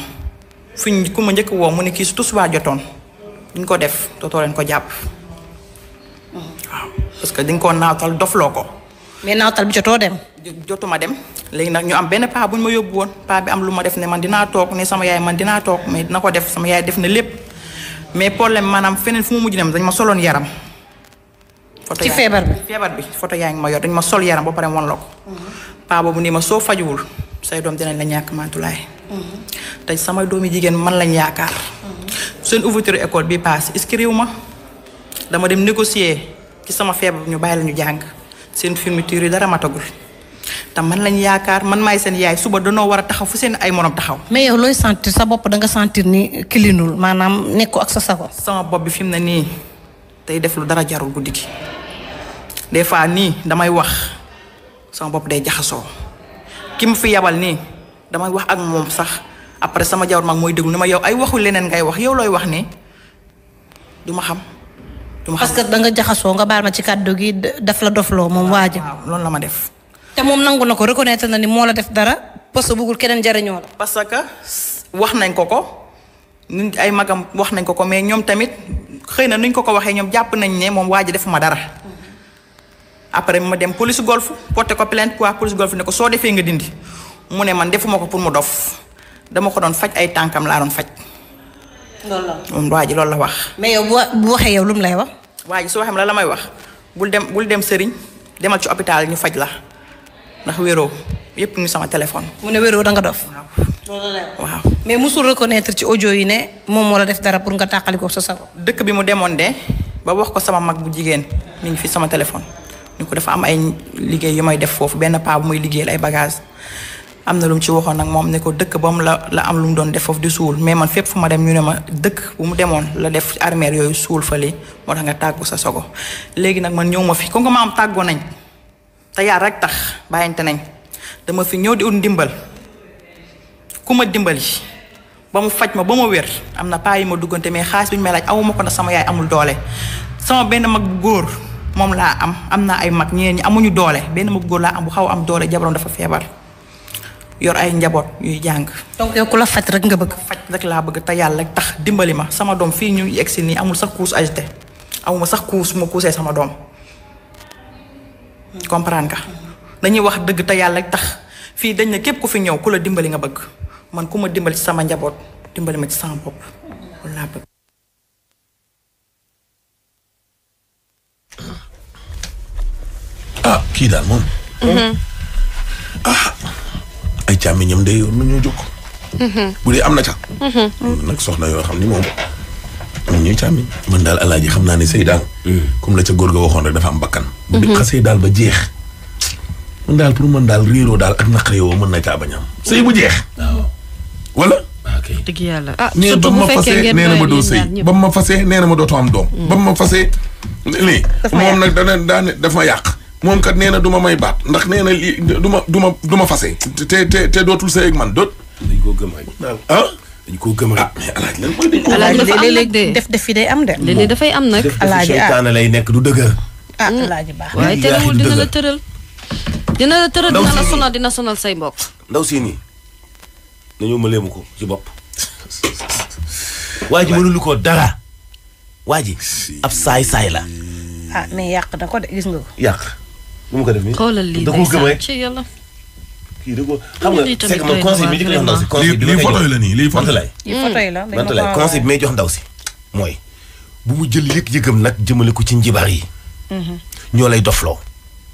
fi ñu ku ma njëkk woo mu ne kii su tusubaar jotoon duñ ko def dootoo leen ko jàpp mm. parce que dañ koo naawtal dofloo ko. mais naawtal bi jotoo dem. jotuma dem léegi nag ñu am benn paa bu ñu ma yóbbu woon paa bi am lu ma def ne man dinaa toog ne sama yaay man dinaa toog mais dina ko def sama yaay def lépp mais problème maanaam feneen fu mu dem dañ ma soloon yaram. ci feebar feebar bi photo yaa ngi ma yor dañ ma sol yaram ba pare wan la ko. Mhm. paa boobu nii ma soo fajuwul say doom dinañ la ñàkk maatulaay. Mhm. te sama doomi jigéen man lañ yaakaar. Mhm. seen ouverture école bi paase est-ce que ma dama dem négocier. ci sama feebar ñu bàyyi lañu jàng seen fermeture yi dara matagul te man lañ yaakaar man maay seen yaay suba danoo war a taxaw fu seen ay morom taxaw. mais yow looy sentir sa bopp da nga sentir ni kilinul maanaam nekku ak sa sago. sama bopp bi fi mu ne nii tey def dara jarul guddi gi des fois nii damay wax sama bopp day jaxasoo ki mu fi yabal nii damay wax ak moom sax après sama jawar mag mooy déglu ni ma yow ay waxul leneen ngay wax yow looy wax ne duma xam. parce que da nga jaxasoo nga baal ma ci kàddu gi daf la dofloo moom la ma def. te moom nangu na ko reconnaître na ni moo la def dara parce que bëggul keneen jariñoo la. parce que wax nañ ko ko nuñ ay magam wax nañ ko ko mais ñoom tamit xëy na nuñ ko ko waxee ñoom jàpp nañ ne moom waa ji defuma dara. après ma dem police golf porté ko plainte quoi police golf ne ko soo defee nga dindi mu ne man defuma ko pour mu dof dama ko doon faj ay tànkam la moom waa ji loolu la wax. mais yow bu waxee yow lu mu lay wax. waa ji soo xam la la may wax bul dem bul dem sëriñ demal ci hôpital ñu faj la ndax wéroo yépp ñu sama téléphone. mu ne wéroo da nga dof. waaw mais musul reconnaître ci ojo yi ne moom moo la def dara pour nga tàqali ko sa sago. dëkk bi mu demoon de ba wax ko sama mag bu jigéen mi ngi fi sama téléphone ñu ko dafa am ay liggéey yu may def foofu benn paa muy liggéey ay bagage am na lu mu ci waxoon nag moom ne ko dëkk ba mu la am lu mu doon def foofu di suul mais man fépp fu ma dem ñu ne ma dëkk bu mu demoon la def armeer yooyu suul fa li moo tax nga tàggu sa sogo léegi nag man ñëw ma fi kon ko ma te yaar rek tax bàyyante nañ dama fi ñëw di ut ndimbal ku ma dimbali ba mu faj ma ba ma wér am na paa yi ma duggante mais xaalis bi ñu may laaj awuma ko ndax sama yaay amul doole sama benn mag góor moom laa am am na ay mag ñeneen ñi amuñu doole benn mag góor laa am bu xaw am doole jabaram dafa feebar yor ay njaboot yuy jàng. donc yow ku la faj rek nga bëgg. faj rek laa bëgg te yàlla tax dimbali ma sama doom fii ñu yegg si nii amul sax couche agité amuma sax couche ma couché sama doom comprendre nga. dañuy wax dëgg te yàlla tax fii dañ ne képp ku fi ñëw ku la dimbali nga bëgg man ku ma dimbali sama njaboot dimbali ma ci sama bopp loolu laa bëgg. ah kii daal moom. Mm-hmm. Ah. ay càmmiñam day yoon ñoo jóg. Mm-hmm. bu dee am na ca. Mm-hmm. Mm-hmm. nag soxna yoo xam ni moom am ñuy càmmiñ. man daal alaaji xam naa ne sëy daal. Mm. comme la ca góor ga waxoon rek dafa am bakkan. bu di xasee daal ba jeex. man daal pour man daal réeroo daal ak naqare mën na caa bañ am. sëy bu jeex. waaw ah. wala. Ah, dëgg yàlla ah surtout bu fekkee nee na ma doo sëy ba ma fasee nee na ma dootoo am doom. Mm. ba ma fasee lii moom nag dana daan dafa yàq. moom kat nee na du ma may baat ndax nee na lii ma du ma du ma fase te te dootul sëy ak man doot. dañ koo gëm a ah dañ koo gëm rek. Ah, def def fi day am de. dafay am nag. alaaji ah lay nekk du dëgg. ah alaaji baax waaye terewul dina tëral. dina tëral dina sonal say mbokk. ndaw si nii nañoo ma leemu ko ci bopp. ji mënulu ko dara. waa ji ab saay saay la. ah mais yàq da ko de gis nga ko. yàq. nu mu ko def nii lii e da gëm rek ci yàlla kii da xam nga c'est que man conseil bi ñu koy jox ndaw si may jox ndaw si mooy bu mu jël yëg-yëgam nag jëmale ko ci njibaar yi mhm. ñoo lay dofloo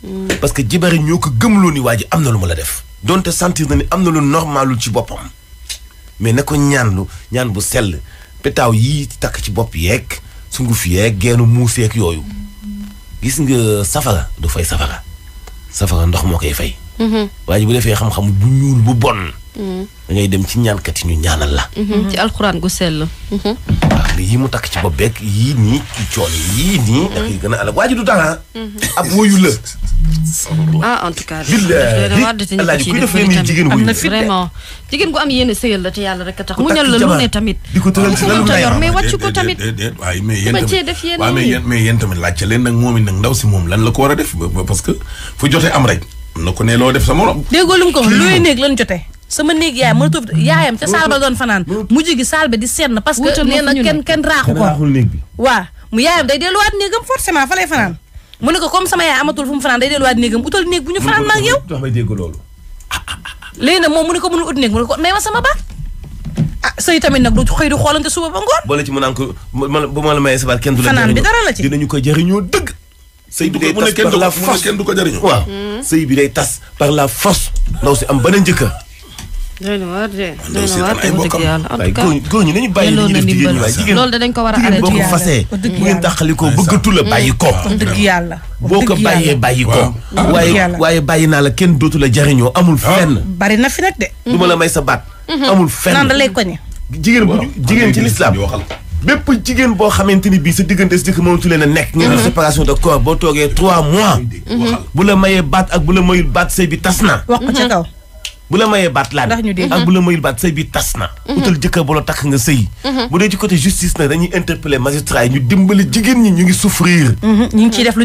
mhm. parce que jibaar yi ñoo ko gëmloo ni waa am na lu ma la def donte sentir na ni am na lu normalul ci boppam mais na ko lu ñaan bu sell pétaaw yi takk ci bopp yeeg sunguf yeeg geenu muus yeeg yooyu gis nga safara du fay safara safara ndox moo koy fay. Mm-hmm. waaye bu defee xam-xam bu ñuul bu bon. da ngay dem ci ñaankat yi ñu ñaanal la. Mhm. ci alxuraan gu sell. waaw mhm. mu takk ci bopp beeg yii nii mhm. a la. a tax. la lu ne tamit. di ko moom lan ko war a def parce que fu jotee am rek. na ko ne def sa morom. déggoo lu mu ko looy néeg lan jotee sama néeg yaay mënatu yaayam ca saal ba doon fanaan mujj gi saal ba di senn parce que nee na kenn kenn raaxu ko waa mu yaayam day delluwaat néegam forcément comme sama yaay amatul fu néegam utal néeg bu moom mu ne ko mënul ut néeg mu ne ko may ma sama baat ah sëy tamit nag du xëy du xoolante suba ba ngoon boole ci mu la mayee hmm. ndaw si am beneen njëkkër doy na waar de doy na waar de dëgg yàlla en tout cas góor ñi nañu bàyyi li ñu def jigéen ñi waaye jigéen ko war a boo ko fasee bu ngeen tàqali ko bàyyi ko dëgg yàlla boo ko bàyyee bàyyi ko waaye waaye bàyyi naa la kenn dootu la jariñoo amul ah. fenn bari na fi nag de du la may sa baat mm-hmm. amul fenn naan da lay koñe jigéen bu jigéen ci lislaam bépp jigéen boo xamante ni bii sa diggante si dëkk mënatu leen a nekk ngeen mm-hmm. séparation de corps boo toogee trois mois bu la mayee baat ak bu la mayul baat sëy bi tas naa wax ko ca kaw bu la mayee baat laaj ak bu la mayul baat sëy bi tas na mhm. utal jëkkër bu takk nga sëy mhm. bu dee ci côté justice nag dañuy interpeller magistrat ñu dimbali jigéen ñi ñu ngi souffrir mhm. ñu ngi ciy def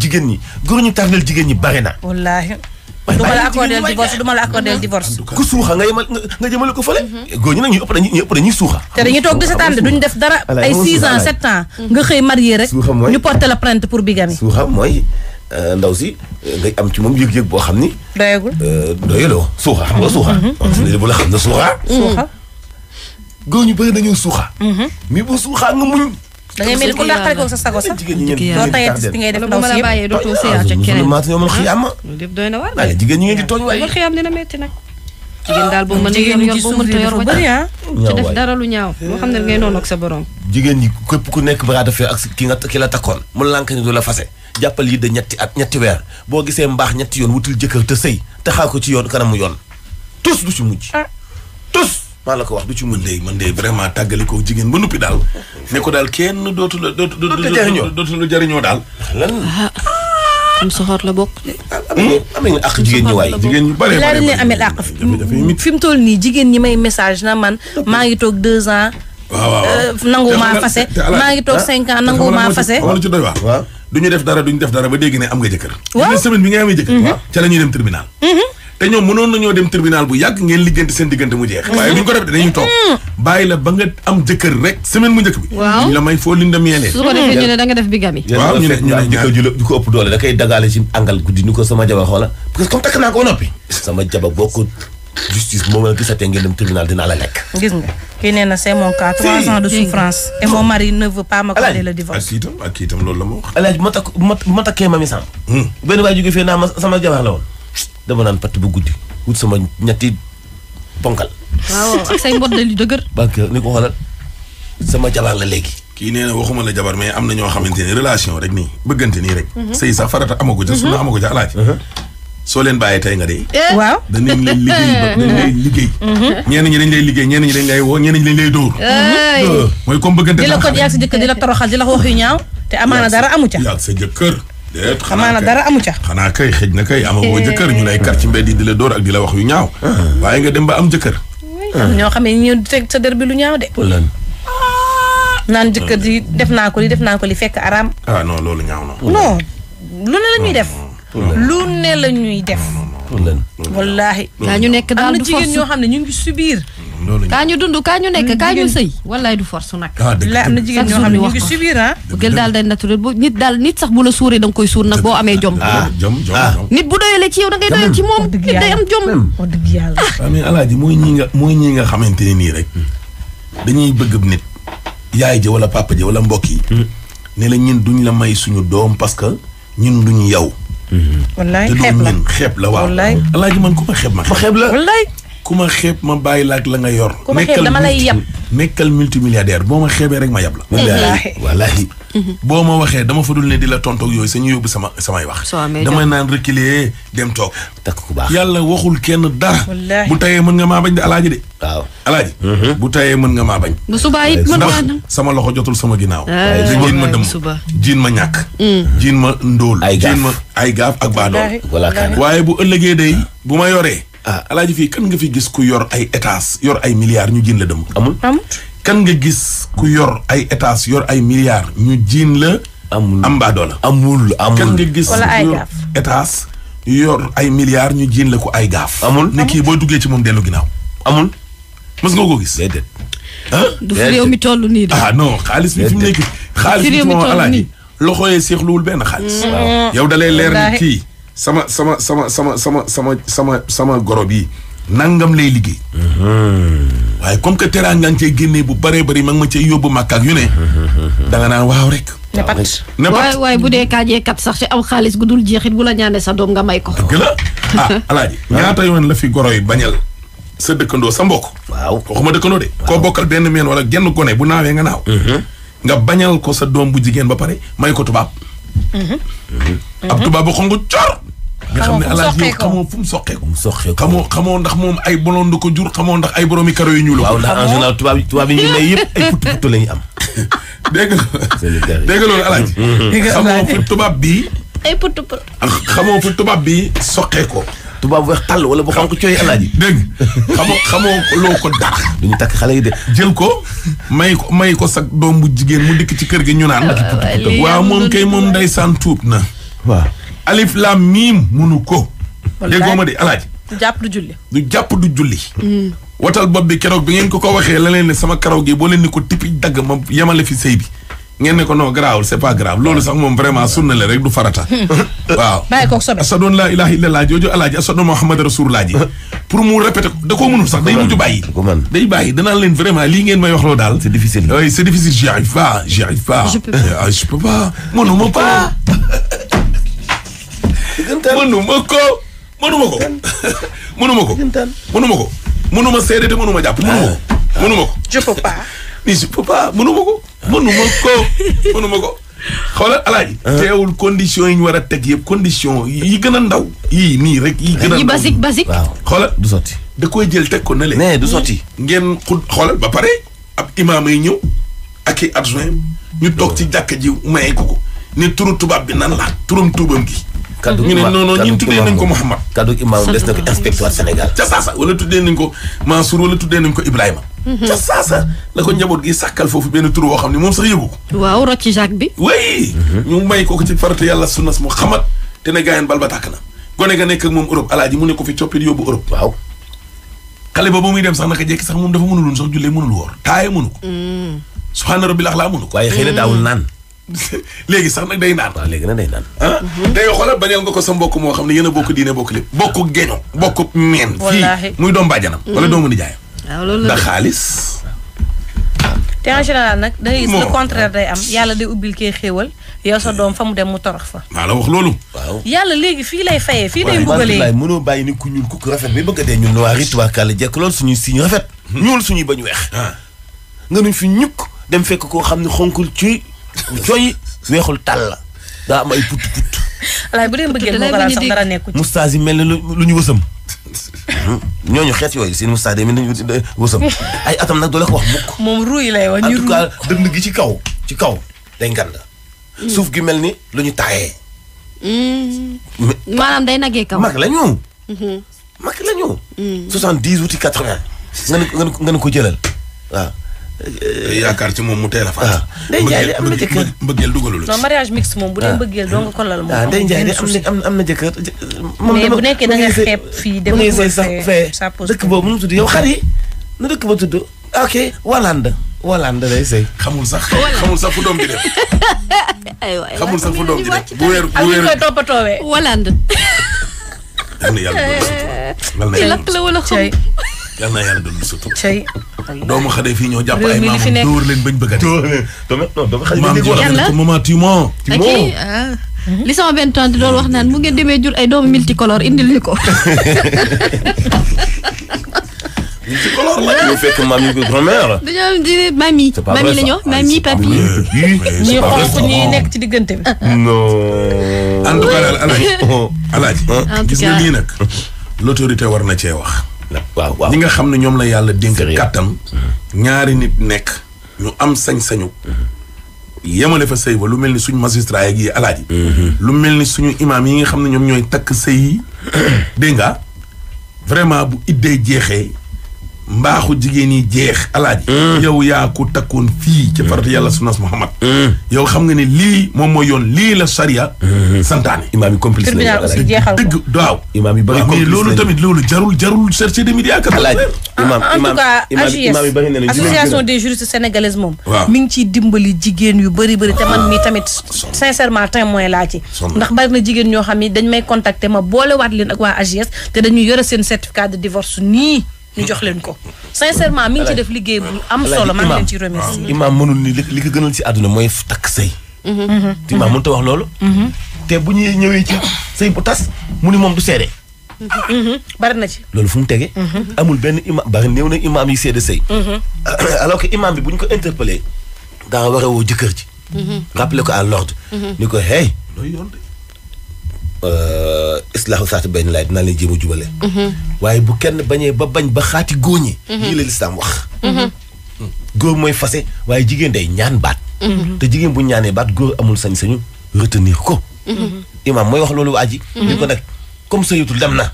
jigéen ñi góor wallaahi du ma la accordé divorce du ma la accordé divorce ku suuxa nga jëmale ko fële góor ñi nag ñu ëpp dañuy ñu suuxa te dañuy toog di duñ def dara ay six ans sept ans nga xëy marié rek ñu porté la plainte pour bigamie Euh, ndaw si euh, ngay am ci moom yëg boo xam ni. doyagul euh, doyuloo suuxa xam nga suuxa. on mhm. mhm. dirait bu la suuxa. suuxa. góor ñu bëri dañoo suuxa. a mhm. bu suuxaa nga muñ. da ngay mel ni ku dàqale ko sa sago sax. jigéen ñi ngeen di ngay def ndaw si yëpp doo ah, ah, ah, doy na war jigéen ñi ngeen di tooñ waaye. man xiyaam dina metti nag. jigéen daal boo mën a yor yor sa borom jigéen ñi képp ku nekk baraata fee ak ki ki la takkoon mu lànk ni du la fase jàppal yi de ñetti at ñetti weer boo gisee mbaax ñetti yoon wutil jëkkër te sëy te xaar ko ci yoon kanamu yoon tus du ci mujj ah. tus maa la ko wax du ci mën de mën de vraiment tàggale ko jigéen ba nuppi daal ne ko daal kenn dootu la dootu dootu la jariñoo daal lan am ah. soxor la bokk de. amee nga àq jigéen ñi waay jigéen ñu bare amee àq mm, fi mu toll nii jigéen ñi may message na man maa ngi toog deux ans. waaw waaw euh, nangu maa fase maa ngi toog ah. cinq ans nangu maa fase. wala ci du ñu def dara du ñu def dara ba dégg ne am nga jëkkër. waaw semaine bi nga amee jëkkër. Mhm. ca la ñuy dem tribunal. Mhm. te ñoom mënoon nañoo dem tribunal bu yàgg ngeen liggéeyante seen diggante mu jeex. waaye bu mhm. ñu ko def dañuy toog bàyyi la ba nga am jëkkër rek may foo liñ su ko defee ñu ne da nga def bigami. waaw ñu ne ñu ne jëkkër ju la ju ko ëpp doole da koy dagaale ci àngal guddi ni ko sama jabar xoola parce que comme takk naa ko noppi. sama jabar boo justice moom la gisatee ngeen dem tribunal la lekk. gis nga kii nee na c'est de souffrance. et mon mari ne veut pas m'accorder le divorce. ak ah, kii ak ah, kii itam loolu la ma wax. alaaj ma takk hmm. fee naa ma sama jabar la woon. dama naan patt bu guddi wut sama ñetti ponkal. waaw ak say mbot li dëgër. parce que la léegi. kii nee na waxuma la jabar mais am na ñoo xamante ne relation rek nii bëggante nii rek. Mhm. sëy sax farata amagu ja. su ma mhm. amagu alaaj mhm. soo leen bàyyi tey nga de. Eh? waaw danañ lay liggéey ba danañ lay mm-hmm. dañ lay liggéey ñenn ñi dañ lay woo ñenn ñi dañ lay dóor. Euh, mooy kom bëggante di la ko yàgg sa di la toroxal di la wax yu ñaaw. te amaana dara amu ca. yàgg sa jëkkër. déet xanaa dara amu ca. xanaa kay xëj na kay woo eh. jëkkër ñu lay kar ci mbedd yi di la dóor ak di la wax yu ñaaw. Uh-huh. waaye nga dem ba am jëkkër. Eh. ñoo xam ne ñu teg sa der bi lu ñaaw de. naan jëkkër di def naa ko li def naa ko li fekk araam. ah non loolu ñaaw na. lu ne la def lu ne la ñuy def. wallaahi. kaa ñu nekk daal du force am na xam ne ñu ngi subir. kaa ñu dund kaa ñu nekk kaa ñu sëy. wallaahi du force nag. la am na jigéen ñoo xam ne ñu ngi subir ah. bu gël daal day naturel nit daal nit sax bu la suuree da nga koy ah, jom. jom ah. jom nit bu doyalee ci yow da ngay doyal ci moom. nit day am jom. wax dëgg yàlla. amee ah, alaaji mooy ñi nga mooy ñi nga xamante ne nii rek dañuy bëgg nit. yaay ji wala papa ji wala mbokk yi. Hmm. ne la ñun duñ la may suñu doom parce que ñun duñ yow wallaay xeeb la xeeb la waaw. wallaay alaaji man ku ma xeeb ma xeeb la ku ma xeeb ma bàyyi laak la nga yor. ku ma xeeb dama lay yab boo ma xeebee rek ma yab la. wallaahi boo ma waxee dama fa dul ne di la tontoog yooyu sañu yóbbu sama samay wax damay naan reculer dem toog takk ku baax yàlla waxul kenn dara bu tayee mën nga maa bañ de alaaji de waaw alaaji mhm. bu tayee mën nga maa bañ bu subaa it mën nga sama loxo jotul sama ginnaaw ah, jiin ma dëmm jiin ma ñàkk mm. jiin ma ndóol jiin ma ay gaaf ak baadool waaye bu ëllëgee day ah. bu ma yoree ah. alaaji fii kan nga fi gis ku yor ay états yor ay milliards ñu jiin la dëmm amul kan nga gis ku yor ay états yor ay milliards ñu jiin la. amul ambaado la amul amul. kan nga gis ku yor états yor ay milliards ñu jiin la ko ay gaaf. amul ne kii boo duggee ci moom dellu ginnaaw amul. mës nga ko gis déedéet. Ah? du fi réew mi nii de. ah xaalis bi fi mu nekk xaalis bi moom alaaji loxo yee seexluwul xaalis. Mm. yow dalay leer ni kii sama sama sama sama sama sama sama sama goro nangam lay liggéey. Mm-hmm. waaye comme que teraanga nga cee génnee bu baree bari ma nga ma cee yóbbu màkk ak yu ne. Mm-hmm. danga naan waaw rek. ne pat ne waaye bu dee kaajee kat sax ci aw xaalis gu dul jeexit bu la ñaanee sa doom nga may ko. dëgg la ah alaaji ñaata yoon la fi goroy bañal. sa dëkkandoo sa mbokk. waaw waxuma dëkkandoo de. koo bokkal benn meen wala genn gone bu naawee nga naaw. Mm-hmm. nga bañal ko sa doom bu jigéen ba pare may ko tubaab. ab tubaab bu xonq nga xam ne alaaj yow xamoo fu mu soqee mu xamoo xamoo ndax moom ay bolond ko jur xamoo ndax ay boroomi karo yu ñuul waaw ndax en général tubaab tubaab yi ñu may yëpp ay puttu puttu am dégg nga dégg loolu mm, mm, mm. xamoo fu tubaab bi ay puttu puttu xamoo weex tàll wala bu xam ko cooy alaaji dégg xamoo xamoo loo ko dara duñu takk xale yi de jël ko may ko may ko sag doom bu jigéen mu dikk ci kër gi ñu naan waaw moom kay moom ndeysaan tuub na alif la miim munu ko. wallaay déggoo ma de alaaji. du jàpp du julli. jàpp du julli. Hmm. watal bopp bi keroog bi ngeen ko ko waxee la leen ne sama karaw gi boo leen ni ko tippi dagg ma yemale fi ngeen ne ko non garaawul c'est pas grave loolu sax moom vraiment sunna la rek du farata. Hmm. waaw bàyyi koog sobe. asadoon laa ilaaha illallah jooju alaaji asadoon Muhammad rasulullah ji pour mu répéter ko da koo mënul sax day mujj bàyyi. day bàyyi danaa leen vraiment lii ngeen may wax loo daal. c'est difficile oui c'est difficile j'y arrive pas j'y arrive pas. je peux ah, mënuma ko mënuma ko mënuma ko mënuma ko mënuma seede te mënuma jàpp mënuma ko ah. mënuma ko je peux pas mais je peux pas mënuma ko mënuma ko mënuma ko xoolal alaaji ah. teewul condition yi ñu war a teg yëpp condition yi gën a ndaw yii nii rek yi gën a ndaw basique basique xoolal du sotti da koy jël teg ko na leen mais du sotti ngeen xud xoolal ba pare ab imaam yi ñëw ak i adjoint ñu toog ci jàkka ji may ko ko ne turu tubaab bi nan la turam tuubam gi kaddu ñu ne non non ñun tuddee nañ ko Mouhamad kaddu imaam des na ko inspecteur Sénégal ca saasa wala tuddee nañ ko Mansour tuddee nañ ko Ibrahima mhm. ca saasa la ko njaboot gi sàkkal foofu benn tur woo xam ne moom sax yëgu ko waaw rocci Jacques bi way mhm. ñu may ko ko ci farata yàlla sunnas Mouhamad te gaayan bal ba na gone ga nekk moom Europe alaaji mu ne ko fi coppit yóbbu Europe waaw xale ba ba muy sax naka jekki sax moom dafa mënul woon sax jullee mënul woor taaye mënu ko mm. subhaana rabbil a'la mënu léegi sax nag day naan. waaw léegi nag day naan. ah te a bañal nga ko sa mbokk moo xam ne yéen a bokk diine bokk lépp. bokk geño bokk meen. fii muy doom bàjjanam. wala mhm. doomu nijaayam. waaw loolu la ndax xaalis. te en général da ngay gis day am yàlla day ubbil kee xéewal sa doom fa mu dem mu torox fa. maa la wax loolu. waaw yàlla léegi fii lay fayee fii lay mbugalee. waaye mënoo bàyyi ni ku ñuul ku rafet bi bëgg a dee ñun waa Rituwa Kalla jekk loolu suñuy siñ rafet. Hmm. ñuul suñuy bañ weex. Ah. nga nuñ fi ñukk dem fekk koo xam ne xonkul ci ku jooy weexul tàll la daa am ay put put. alaay bu dee mbëggeel moo waral sax nekku ci. yi mel ne lu ñu wësam. ñooñu xeet yooyu si moustache day mel ne lu wësam ay atam nag doo la ko wax mukk. ci kaw ci kaw day mm. suuf gi mel ni lu ñu taayee. Mm. maanaam day nagee kaw. mag la ñu. Mm-hmm. mag la ñu. Mm. soixante dix wuti quatre vingt. nga ne nga ne ko jëlal waaw. yaakaar ci moom mu teel a faat. Ah. Ndeye Ndiaye de am na jëkkër mbëggeel dugalul non mariage mixte moom bu dee ah. mbëggeel doo nga ko lal moom. ah Ndeye Ndiaye de am na am na jëkkër. moom dama bu nekkee da nga xeeb fii dem ko fee sa pose dëkk boobu nu mu tudd yow xar yi ah. na dëkk ba tudd ok Walanda Walanda lay sëy. xamul sax xamul sax fu doom di dem. aywa aywa xamul sax fu doom di dem bu weer bu weer ak koy toppatoowee Walanda. yàlla na yàlla na yàlla na yàlla yal na yàlla dolli sutura. cey doomu xale fii ñoo jàpp ay maam dóor leen bañ bëgg a. dóor leen doomu xale yi dégg wala ko maman Timon. Timon ah. li sama benn tontu doon wax naan mu ngeen demee jur ay doomu multicolore indil ñu ko. multicolore la ñu fekk maam yi ko grand-mère. dañoo am di mami. Ah, c'est pas vrai mami la ñu mami papi. ñuy xonq ñuy nekk ci diggante bi. non. en tout cas daal Alaaji. Alaaji gis nga lii nag l'autorité war na cee wax. waaw waaw ñi nga xam ne ñoom la yàlla dénk kàttan mm-hmm. ñaari nit nekk ñu am sañ-sañu mm-hmm. yemale fa sëy ba lu mel ni suñu magistrat yeeg yi mm-hmm. lu mel ni suñu imaam yi nga xam ne ñoom ñooy takk sëy yi dégg nga vraiment bu iddee jeexee mbaaxu jigéen yi jeex alaaji mm. yow yaa ko takkoon fii ci mm. farata yàlla sunnas Muhammad mm. yow xam nga ni lii moom mooy yoon lii la sariya mm-hmm. santaane imaam yi complice dëgg daaw imaam loolu tamit loolu jarul jarul chercher des médias alaaji ah, des juristes sénégalaises moom waaw mi ngi ciy dimbali jigéen yu bëri bëri te man mii tamit sincèrement témoin laa ci ndax bari na jigéen ñoo xam ni dañ may contacter ma boolewaat leen ak waa AJS te dañuy yore seen certificat de divorce nii ñu jox leen ko sincèrement mi ngi ci def liggéey bu am solo maa ngi leen ci remercier ah. imaam mënul ni li ko gënal ci àdduna mooy takk sëy te mm-hmm. mm-hmm. imaam mënut a wax loolu mm-hmm. te bu ñuy ñëwee ci sëy bu tas mu ni moom du seede bari na ci loolu fu mu tege amul benn imaam bari néew na imaam yi seede sëy alors que imaam bi bu ko interpellé daa war a jëkkër ji rappelé ko à l'ordre ni ko hey Euh, islaahu saati benn laay dinaa leen jéem a jubale mhm. waaye bu kenn bañee ba bañ ba xaati góoñi mhm. lii la lislaam wax mhm. hmm. góor mooy fase waaye jigéen day ñaan baat te jigéen bu ñaanee baat góor amul sañ-sañu retenir ko imaam mooy wax loolu waa ji li ko nag comme sëyatul dem na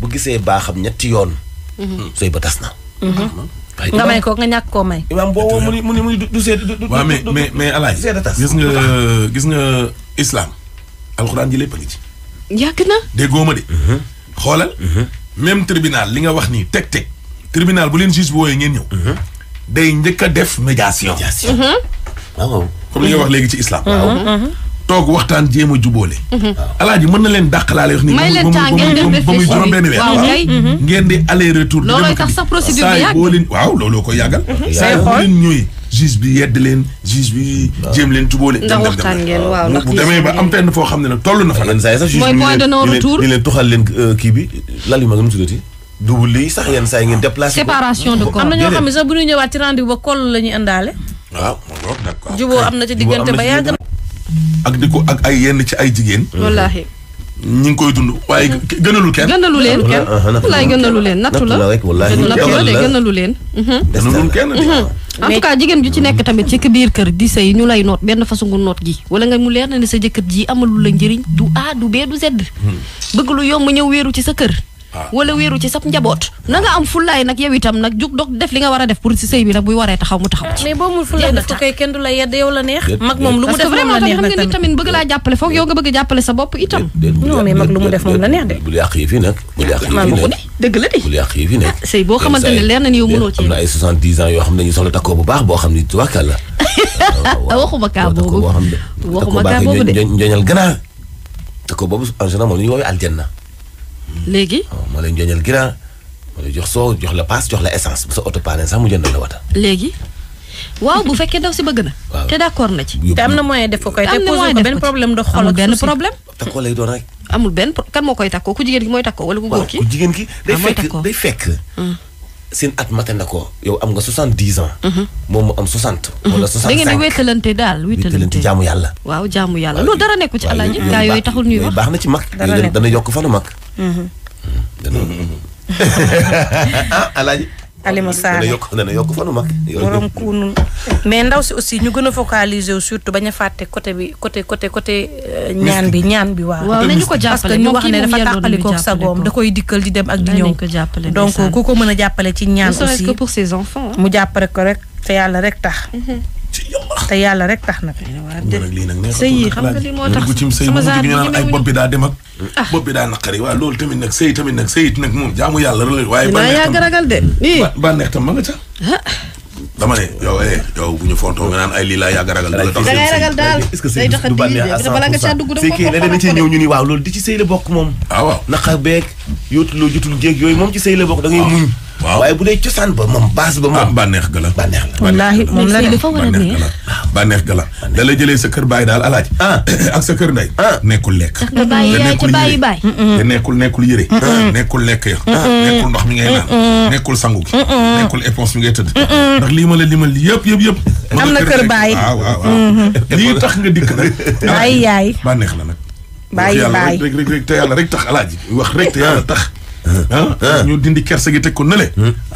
bu gisee baaxam ñetti yoon hmm, sëy ba tas na nga may ko nga ñàkk koo may. imaam boo mu ni mu ni mu ni du seet du waaw mais mais mais Alaaji gis nga gis nga islam alxuraan ji lépp a ngi ci. yàgg na. déggoo ma de. Mhm. xoolal. Mhm. même tribunal li nga wax nii teg teg. tribunal bu leen juge bu wooyee ngeen ñëw. Mhm. day njëkk def médiation. médiation. Ah waaw comme li nga wax léegi ci islam. toog waxtaan jéem a jubóole. alaaji mën na leen dàq laa lay wax nii. may leen temps ngeen ba muy juróom benn weer. waaw ngeen di aller retour. looloo tax sax procédure bi yàgg saa boo leen waaw looloo koy yàggal. saa yi boo leen juge bi yedd leen juge bi. jéem leen jubóole. ndax waxtaan ngeen waaw ndax bu demee ba am fenn foo xam ne nag toll na fa. lan saa sax juge bi ñu leen lal yu ma gën tuddati. double lii sax yenn saa yi ngeen séparation de corps am na ñoo xam ne sax bu ñu ñëwaat ci rendez-vous ba koll la ñuy indaale. am na ci diggante ba yàgg. ak ay yenn ci ay jigéen. wallaahi. ñu ngi koy dund waaye mhm. gënalu kenn. gënalu leen kenn ah, walaay gënalu leen nattu la nattu la gënalu leen. gënalu mhm. kenn mhm. ah. en tout jigéen ju ci nekk tamit ci biir kër di sëy ñu lay noot benn façon gu noot gi wala nga mu leen na sa jëkkër ji amalu la njariñ du A du B du sedd bëgg lu yomb ñëw wéeru ci sa kër. Ah. wala wéeru ci sab njaboot na nga am fullaay nag yow itam nag jug dog def li nga war a def pour si sëy bi nag buy waree taxaw mu taxaw ci mais boo mul fullaay def ko kay kenn du la yedd yow la neex mag moom lu mu def moom la neex def bul yàq fi nag bul ah, boo xamante ne leer na ni yow mënoo ci am na ay 70 ans yoo xam ne ñu soxla takkoo bu baax boo xam ne tubaakal la waxuma kaa boobu waxuma kaa boobu de njoñal ganaar takkoo boobu en moom la ñuy woowee léegi. Oh, moo lay joñal gira moo lay jox soo jox la paas jox la essence bu sa oto paane sax mu la wata. léegi waaw bu fekkee daw si bëgg na. waaw te d'accord na ci. moom mu am 60. Mhm. wala 65 da ngeen jaamu yàlla. waaw jaamu yàlla loolu dara nekku ci alaaji. gaa yooyu taxul ñuy wax baax na ci mag. dana yokk fanu mag. Mm-hmm. Mm-hmm. Mm-hmm. ah alaaji Alima Sarr dana yokk dana yokk mais ndaw si aussi ñu gën a focaliser wu surtout ba a fàtte côté bi côté côté côté euh, ñaan bi ñaan bi waaw waaw nañu ko jàppale parce que ñu wax ne dafa tàqalikoo ak sagoom da koy dikkal di dem ak di ñëw donc ku ko mën a jàppale ci ñaan aussi pour ses enfants mu jàppale ko rek te yàlla rek tax te yàlla rek tax na. sëy yi xam nga li moo tax sama zaar bi ñu ay bopp bi daa dem ak. Ah. bopp bi daa naqari waaw loolu tamit nag sëy tamit nag sëy nag moom jaamu yàlla rële waaye. dinaa yàgg ragal de nii bànneex tam ma nga ca. Ah. dama ne yow eh bu ñu fontoo nga naan ay lii laa yàgg ragal. dangay ragal daal est-ce que sëy du bànneex à cent pour cent ñu ni waaw loolu di ci bokk moom. ah waaw naqar beeg yootu yooyu moom ci sëy la bokk da ngay ah. muñ waaw waaye bu dee cosaan ba moom base ba moom. Ah, bànneex ga la bànneex la. wallaahi moom la a neex bànneex ga la da la ah, jëlee sa kër baay daal alaaj a ah. sa kër ndey. nekkul lekk. te nekkul yére te nekkul nekkul yére. nekkul lekk ya. nekkul ndox mi ngay naan. nekkul sangu gi. nekkul éponge mi ngay tëdd. ndax lii ma la limal yëpp yëpp yëpp. am na kër baay waaw waaw waaw. Mm-hmm. lii tax nga dikk nag. ay yaay bànneex la nag. bàyyi baay rek rek te rek tax alaaji wax rek te yàlla tax ah ñu dindi kersa gi teg ko nële.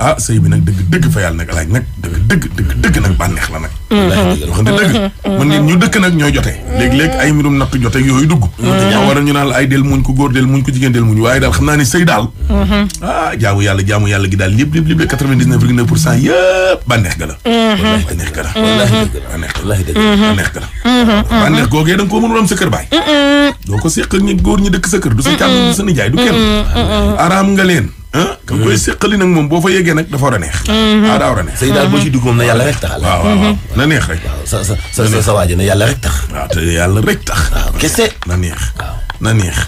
ah sëy bi nag dëgg dëgg fa yàlla nag alaaj nag dëgg dëgg dëgg dëgg nag bànneex la nag. waxante dëgg mën ngeen ñu dëkk nag ñooy jotee léegi-léegi ay mbirum nattu jote yooyu dugg ñoo waral ñu naan ay del muñ ko góor del muñ ko jigéen del muñ waaye daal xam naa ne sëy daal ah jaamu yàlla jaamu yàlla gi daal lépp lépp la bànneex ga la bànneex ga la bànneex ga la bànneex googee da nga koo mënul am sa kër baay doo ko séq ak ñi góor ñi dëkk du sa càmm du sa du kenn jaam nga leen. ah ka koy mm-hmm. seqali nag moom boo fa yeggee nag dafa war a neex. Mm-hmm. ah daa war a neex. sëy daal boo ci dugg moom na yàlla rek tax. waaw waaw mm-hmm. na neex rek. waaw sa sa sa sa waaji na yàlla rek tax. waaw te yàlla rek tax. waaw kese na neex. waaw na neex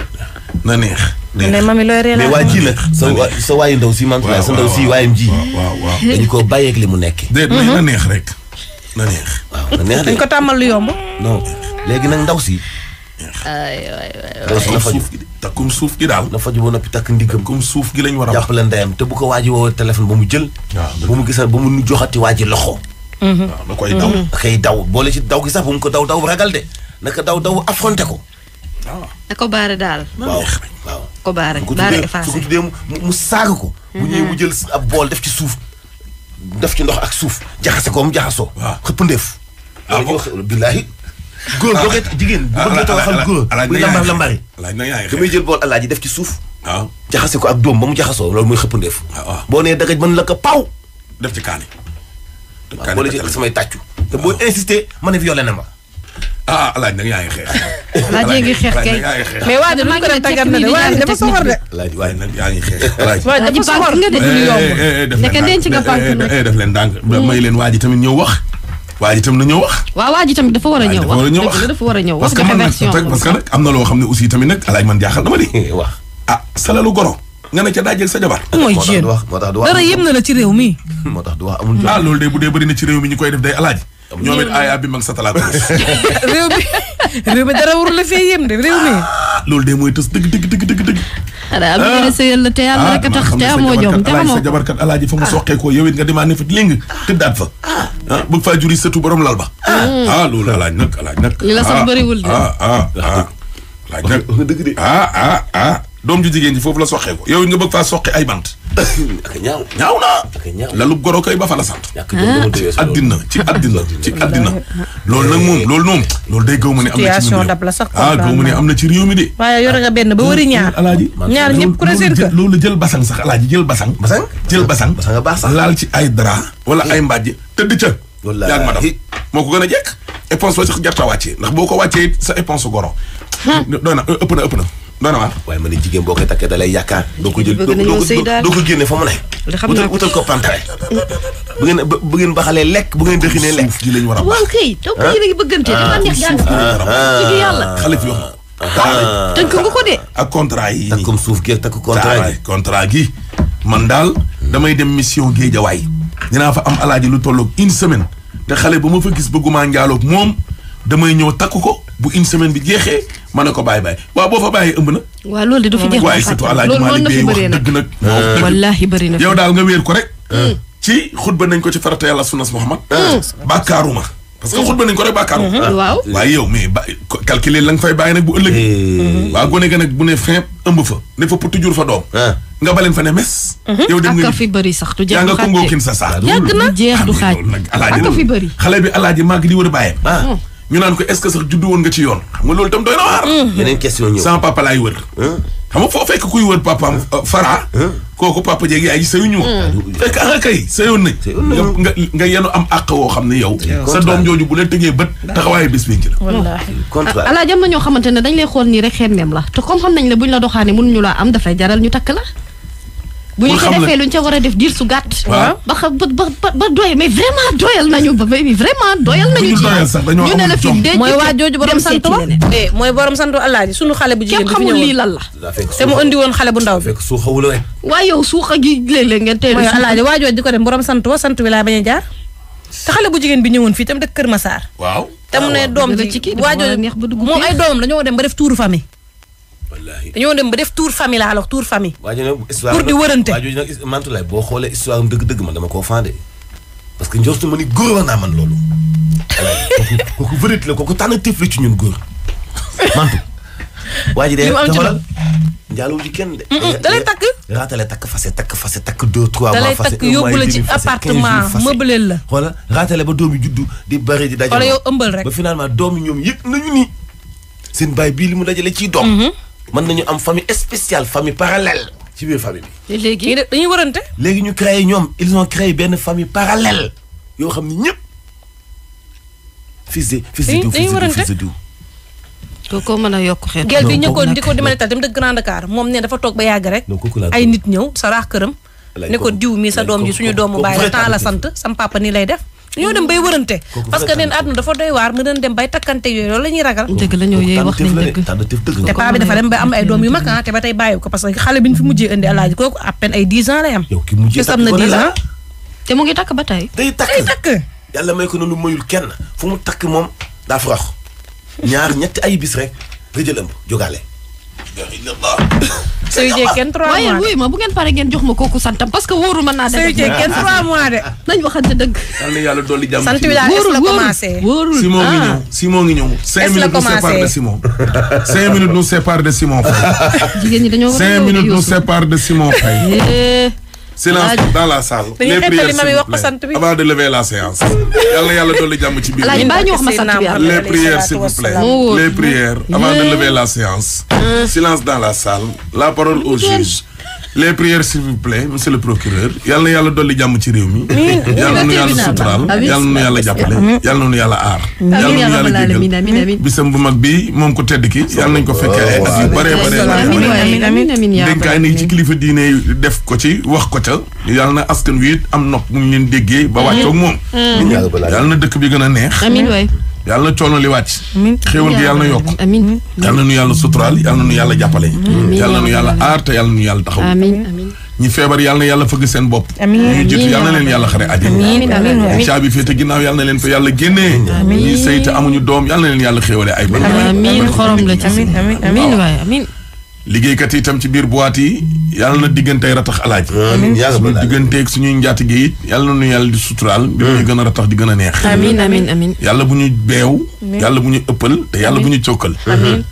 na neex. mais mami looy reer mais waa ji nag sa sa waayu ndaw si man. waaw sa ndaw si waayam ji. waaw waaw dañu koo bàyyeeg li mu nekk. déedéet na neex rek na neex. waaw na neex dañ ko tàmmal lu yomb. non léegi nag ndaw si. aywa suuf gi takkum suuf gi daal. na faju ba noppi takk ndigam. comme suuf gi lañ war a. jàppale ndeyam te bu ko waaji woo téléphone ba mu jël. Ah, ba mu gisal mhm. ah, mhm. da koy daw boole ci daw gi sax bu mu ko daw daw ragal de naka daw daw affronté ko. waaw ah. na ko baare daal. waaw waaw. ko baare baare effacé su ko tuddee mu saaga ko. bu ñëwee mhm. mu jël a bool def ci suuf. def ci ndox ak suuf jaxase ko mu jaxasoo. xëpp ndeef. billaahi góor boo koy jigéen a bëgg nga taxawal góor. muy lambar lambari. damay jël bool alaaji def ci suuf. waaw ah. jaxase ko ak doom ba mu jaxasoo loolu mooy xëppandeef. waaw ah, ah. boo nee dagaj mën la ko paw. def ci kaani. waaw boole ci ak samay tàccu. te boo insister ma ne violé na ma. ah alaaji nag yaa ngi xeex. alaaji waa de nu ko doon tàggat na de waaye dafa soxor de. waaye nag yaa ngi xeex. alaaji dafa soxor nga de du eh, eh, yomb. Eh, nekk denc nga leen may leen waa ji tamit ñëw wax waa ji tam na ñëw wax. waa ji tamit dafa war a ñëw wax dafa man nag parce que nag am na loo xam ne aussi tamit nag alaaj man jaaxal dama di eh, wax ah salalu goro. nga ne ca sa jabar. Oh moo tax du wax na la ci moo tax du wax ah, na ci réew mi ñu koy def day alaaji ñoom it aaya bi mag sa talaata réew mi réew mi dara warul la fee de réew mi. Ah, loolu de mooy tës dëgg dëgg dëgg dëgg dëgg. ah am na sëyal la te yàlla ah, rek a tax te amoo jom te amoo fa mu yow it nga demaa ne fa léng tëddaat fa. Ah. faa juri sëtu borom lal ba. ah loolu alaaj nag alaaj nag. li la sax bëriwul de. ah ah ah alaaj doom ju jigéen ji foofu la soqee ko yow it nga bëgg faa soqe ay bant. ak ñaaw ñaaw na lalu goro koy ba fa la sant addina ci addina ci addina loolu nag moom loolu noom loolu day gëw ma ne am na ci réew ah gëw ma ne am na mi de waaye yore nga benn ba wëri ñaar alaaji ñaar ñëpp ku ne seen jël basang sax alaaji jël basang basang jël basang laal ci ay dara wala ay hmm. mbàjj tëdd ca yaag ma dam moo ko gën a jekk éponse ba sax jarta wàccee ndax boo ko wàccee sa éponse goro hmm. doy na ëpp na ëpp na doon waar waaye ma ne jigéen boo koy takkee da lay yaakaar. doo ko jël doo ko génne fa mu ne. xam naa ko wutal ko pantaay. bu ngeen bu ngeen baxalee lekk bu ngeen dëxinee lekk. suuf gi lañ war a baax waaw kay. donc ah. yéen a ngi bëggante ah. dafa neex daan ah. dëgg yàlla. xale fi nga ko de. ak contrat yi takkum suuf gi ak takk contrat yi contrat gi. man daal damay dem mission Géejawaay dinaa fa am alaaji lu tolloog une semaine te xale bi ma fa gis bëgguma njaaloog moom damay ñëw takk ko bu une semaine bi jeexee ma ne ko bàyyi bàyyi waaw boo fa bàyyi ëmb na. waa loolu de du fi jeex waaye surtout alaaji Maalik bi wax dëgg nag. wallaahi bëri na yow daal nga wéer ko rek. Hmm. ci xutba nañ ko ci farata yàlla sunnas Muhammad. Hmm. bàkkaaruma parce que hmm. xutba nañ ko rek bàkkaaruma. waaw waaye yow mais ba calculer la nga fay bàyyi nag bu ëllëgee. Eh. waaw gone ga nag bu ne fin ëmb fa ne fa fa doom. Eh. nga baleen fa ne mes. yow dem nga fi bëri sax du jeex du xaaj yaa nga kongookin sa sax. yàgg na jeex du xaaj ak fi bëri. xale bi alaaji Maalik di wër bàyyam ah. ñu naan ko est-ce que sax juddu woon nga ci yoon xam nga loolu tam doy na waar. Mhm. yeneen question ñëw wër. xam nga foo fekk kuy wër papaam euh, fara. kooku papa jeeg yaay ji sëyuñu woon. Mhm. fekk ah kay yoon nañ. nga nga yenu am àq woo xam ne yow. sa doom jooju bu la tëgee bët taxawaayu bés bi ci la. wallaahi alaaj na ñoo xamante ne dañ lay xool nii rek xeen meem la te comme xam nañ la buñ la doxaanee mënuñu laa am dafay jaral ñu takk la. bu ñu ko defee lu ñu ca def diir su gàtt. waaw ba xam ba ba ba doy mais vraiment doyal nañu ba vraiment doyal nañu. ñu ne la mooy waa eh, borom sant wa sant sunu xale bu jigéen bi lii lan la. te mu bu ndaw bi. fekk suuxa wu la rek. waaye yow suuxa gi ko dem borom sant wa wi laa bañ a jaar. te xale bu jigéen bi ñëwoon fii tam dëkk Kër Massar. waaw te mu ne doom ji waajoo moom ay doomam dañoo dem ba def tuuru famille wallaahi dañoo dem ba def tour famille la alors tour famille. pour di wërante waajur nag Mantoulaye boo xoolee histoire am dëgg-dëgg man dama koo fànde parce que njortu ma ni góor wax naa man loolu. kooku vérité la kooku tànn tëf la ci ñun góor Mantou. de dafa njaaloo ji kenn de. Eh, dalay eh, takk raatale takk fase takk fase takk deux trois mois fase un mois et demi fase quinze jours fase la. xoola raatale ba doom yi juddu di bari di dajale. xoola rek ba finalement doom yi ñoom yëpp nañu ni. seen baay bii li mu dajale ci doom. Mm-hmm. mën nañu am famille spéciale famille parallèle ci biir famille bi. léegi dañuy warante. léegi ñu créé ñoom ils ont créé benn famille parallèle yoo xam ne ñëpp. fils de fils de diw fils a yokk xeet. gel bi ñëkkoon di ko di mën a tal dem de Grand Dakar moom ne dafa toog ba yàgg rek. ay nit ñëw sa raax këram. ne ko diw mi sa doom yi suñu doomu baay la temps la sant sam papa nii lay def. ñoo dem bay wërante parce que neen àdduna dafa doy waar nga doon dem bay takkante yooyu loolu ñuy ragal te paa bi dafa dem bay am ay doom yu mag ah te ba tey bàyyi ko parce que xale bi ñu fi mujjee indi alaaji kooku à peine ay 10 ans lay am te na 10 te mu ngi takk ba tey day takk day takk yàlla may ko noonu mayul kenn fu mu takk moom daa farax ñaar ñetti ay bis rek nga jël ëmb jógaale Seydou Dieng kenn 3 mois waaye wuy ma bu ngeen pare ngeen jox ma kooku santam parce que wóoru mën naa def. Seydou Dieng kenn 3 ah. mois de. nañ waxante dëgg. yàlla yàlla dolli jàmm sant bi daal est la commencé wóorul Simon ngi ñëw ah. Simon ngi ñëw. cinq minutes nous séparent de Simon. cinq minutes nous séparent de Simon Faye. jigéen ñi dañoo war a cinq minutes nous séparent de Simon Faye. silence dans la salle. les prières s'il de lever la séance. yàlla yàlla dolli jàmm ci biir. les prières les prières avant de la séance. silence dans la salle. la parole au juge. les prières s'il vous plaît monsieur le procureur yal na yàlla dolli jàmm ci réew mi. yal na nu yàlla suturaal yal na nu yàlla jàppale yal na nu yàlla aar. yal na nu yàlla jégal bisam bu mag bi moom ko tedd ki yal nañ ko fekkee ay at yu bëree bëree dénkaay ni def ko ci wax ko ca na askan wi am nopp mu ñu leen déggee ba wàccoog moom mm. Mm. yal na dëkk bi gën a neex yàlla na coono li wàcc xéwal gi na yokk yàlla na nu yàlla suturaal yàlla na nu yàlla jàppale yàlla na nu yàlla aar te yàlla na nu yàlla taxaw ñi feebar yàlla na fëgg seen bopp ñu jiitu yàlla na leen yàlla xare àjjana caabi féete ginnaaw yàlla na leen fa yàlla génnee ñi sëy te amuñu doom yàlla na leen yàlla xéwale ay ba amiin la ci amiin amiin liggéeykat yi itam ci biir boîte yi yàlla na diggante ratax alaaj suñu digganteeg suñuy njaatige it yàlla na di suturaal bi ñuy hmm. gën a ratax di gën a neex yàlla bu ñu beew yàlla bu ñu ëppal te yàlla bu ñu cokkal hmm.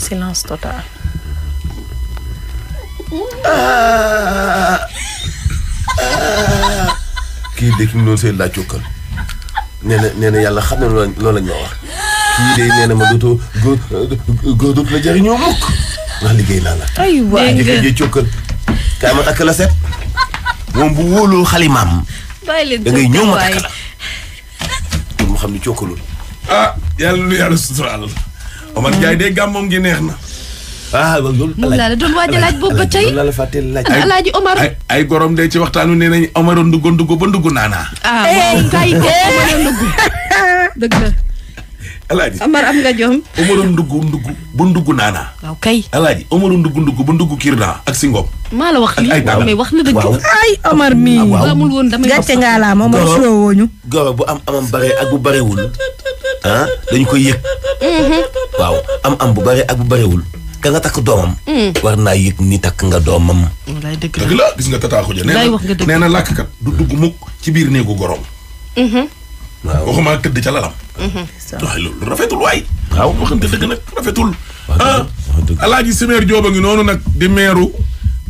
silence total ah. Ah. kii dëkk mi noonu seen laa cokkal yàlla xam ne loolu la wax kii day nee na ma dootoo góor góor la jëriñoo mukk ndax liggéey naa la. aywa aywa njëkk kaay ma takk la set moom bu wóoloo xalimaam. bàyyi leen da ngay ñëw ma takk la. mu xam ne cokkalul. ah yàlla lu yàlla suturaal. Omar Ndiaye de gàmmoom gi neex na. ah loolu. moom laa la doon waaj a laaj boobu ba la fàtte de ci waxtaanu nee nañ Omar ndugg ndugg ba ndugg naanaa. ah waaw kay Omar ndugg dëgg alaaji Amar ah, am nga jom. Umaru ndugg ndugg bu ndugg naana waaw kay alaaji Umaru ndugg ndugg bu ndugg kiir naa ak si ngoom. maa la wax lii mais wax na dëgg. ay Omar ah, woon damay gàcce ngaa laa bu am amam bare ak bu barewul ah, dañ koy yëg. Mm-hmm. waaw am am bu bare ak bu barewul. ka nga takk doomam. Mm. war naa yëg ni takk nga doomam. wallaay dëgg la dëgg gis nga tataaxu ja. nee na nee na làkk du dugg mukk ci biir néegu goroom. Mm-hmm. waaw waxuma tëdd ca lalam. Mhm. waaye loolu ay waay. waaw waxante rafetul. ah alaaji Simeer Jooba ngi noonu nag di meeru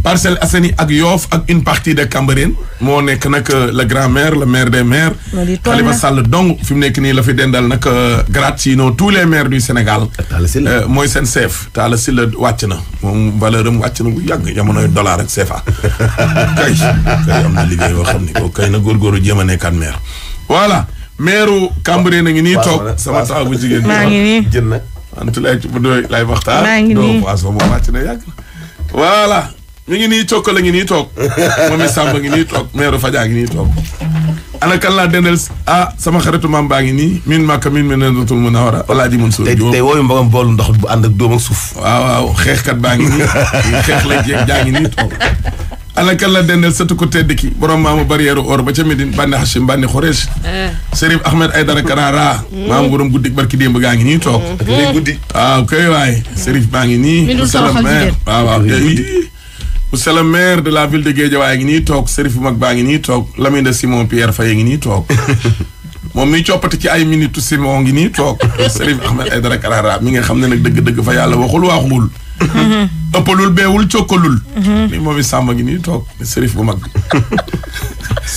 Parcelles Assainies ak yoof ak une partie de Cambérène moo nekk nag euh, le grand maire le maire des maires. Khalifa Sall dong fi mu nekk nii la fi dendal nag euh, grade sinon tous les maires du Sénégal. Euh, mooy seen chef si la wàcc na moom valeur am wàcc na bu jamonoy dollar ak CFA. kay kay am na liggéey yoo xam ne kay na góorgóorlu jéem a nekkaat maire voilà. meeru Cambérène a ngi nii toog sama taabu jigéen ñi. maa ngi nii jën na. antu lay ci doy ngi nii doo waaso moom na yàgg mi ngi nii cokk la ngi nii toog moom i ngi nii toog meeru Fadja ngi toog. ana kan laa dendal ah sama xaritu maam baa ngi nii min màkka min Madinatul Munawwara Alaaji Mansour Diop tey wooyu mbagam boolu ndox bu ànd ak suuf waaw baa ngi nii xeex la ngi nii alakal la dendel sëtu ko tedd ki borom maamu barrière or ba ca Medine bànni Hachim bànni Xurees. Eh. Serif Ahmed Aydara Karara. Mm. maamu borom guddik barki démb gaa ngi nii toog. léegi mm. guddi waaw ah, kay Serif baa ngi nii. mi dul toroxal waaw waaw eh, Monsieur le maire de la ville de Guédiawaye ngi nii toog Serif bu mag baa ngi nii toog lamin de Simon Pierre Faye ngi nii toog moom mi coppati ci ay minutes Simon ngi nii toog Serif Ahmed Aydara Karara mi nga xam ne nag dëgg-dëgg fa yàlla waxul waaxul. ëppalul beewul cokkalul. ni moom i sàmm gi nii toog sërif bu mag.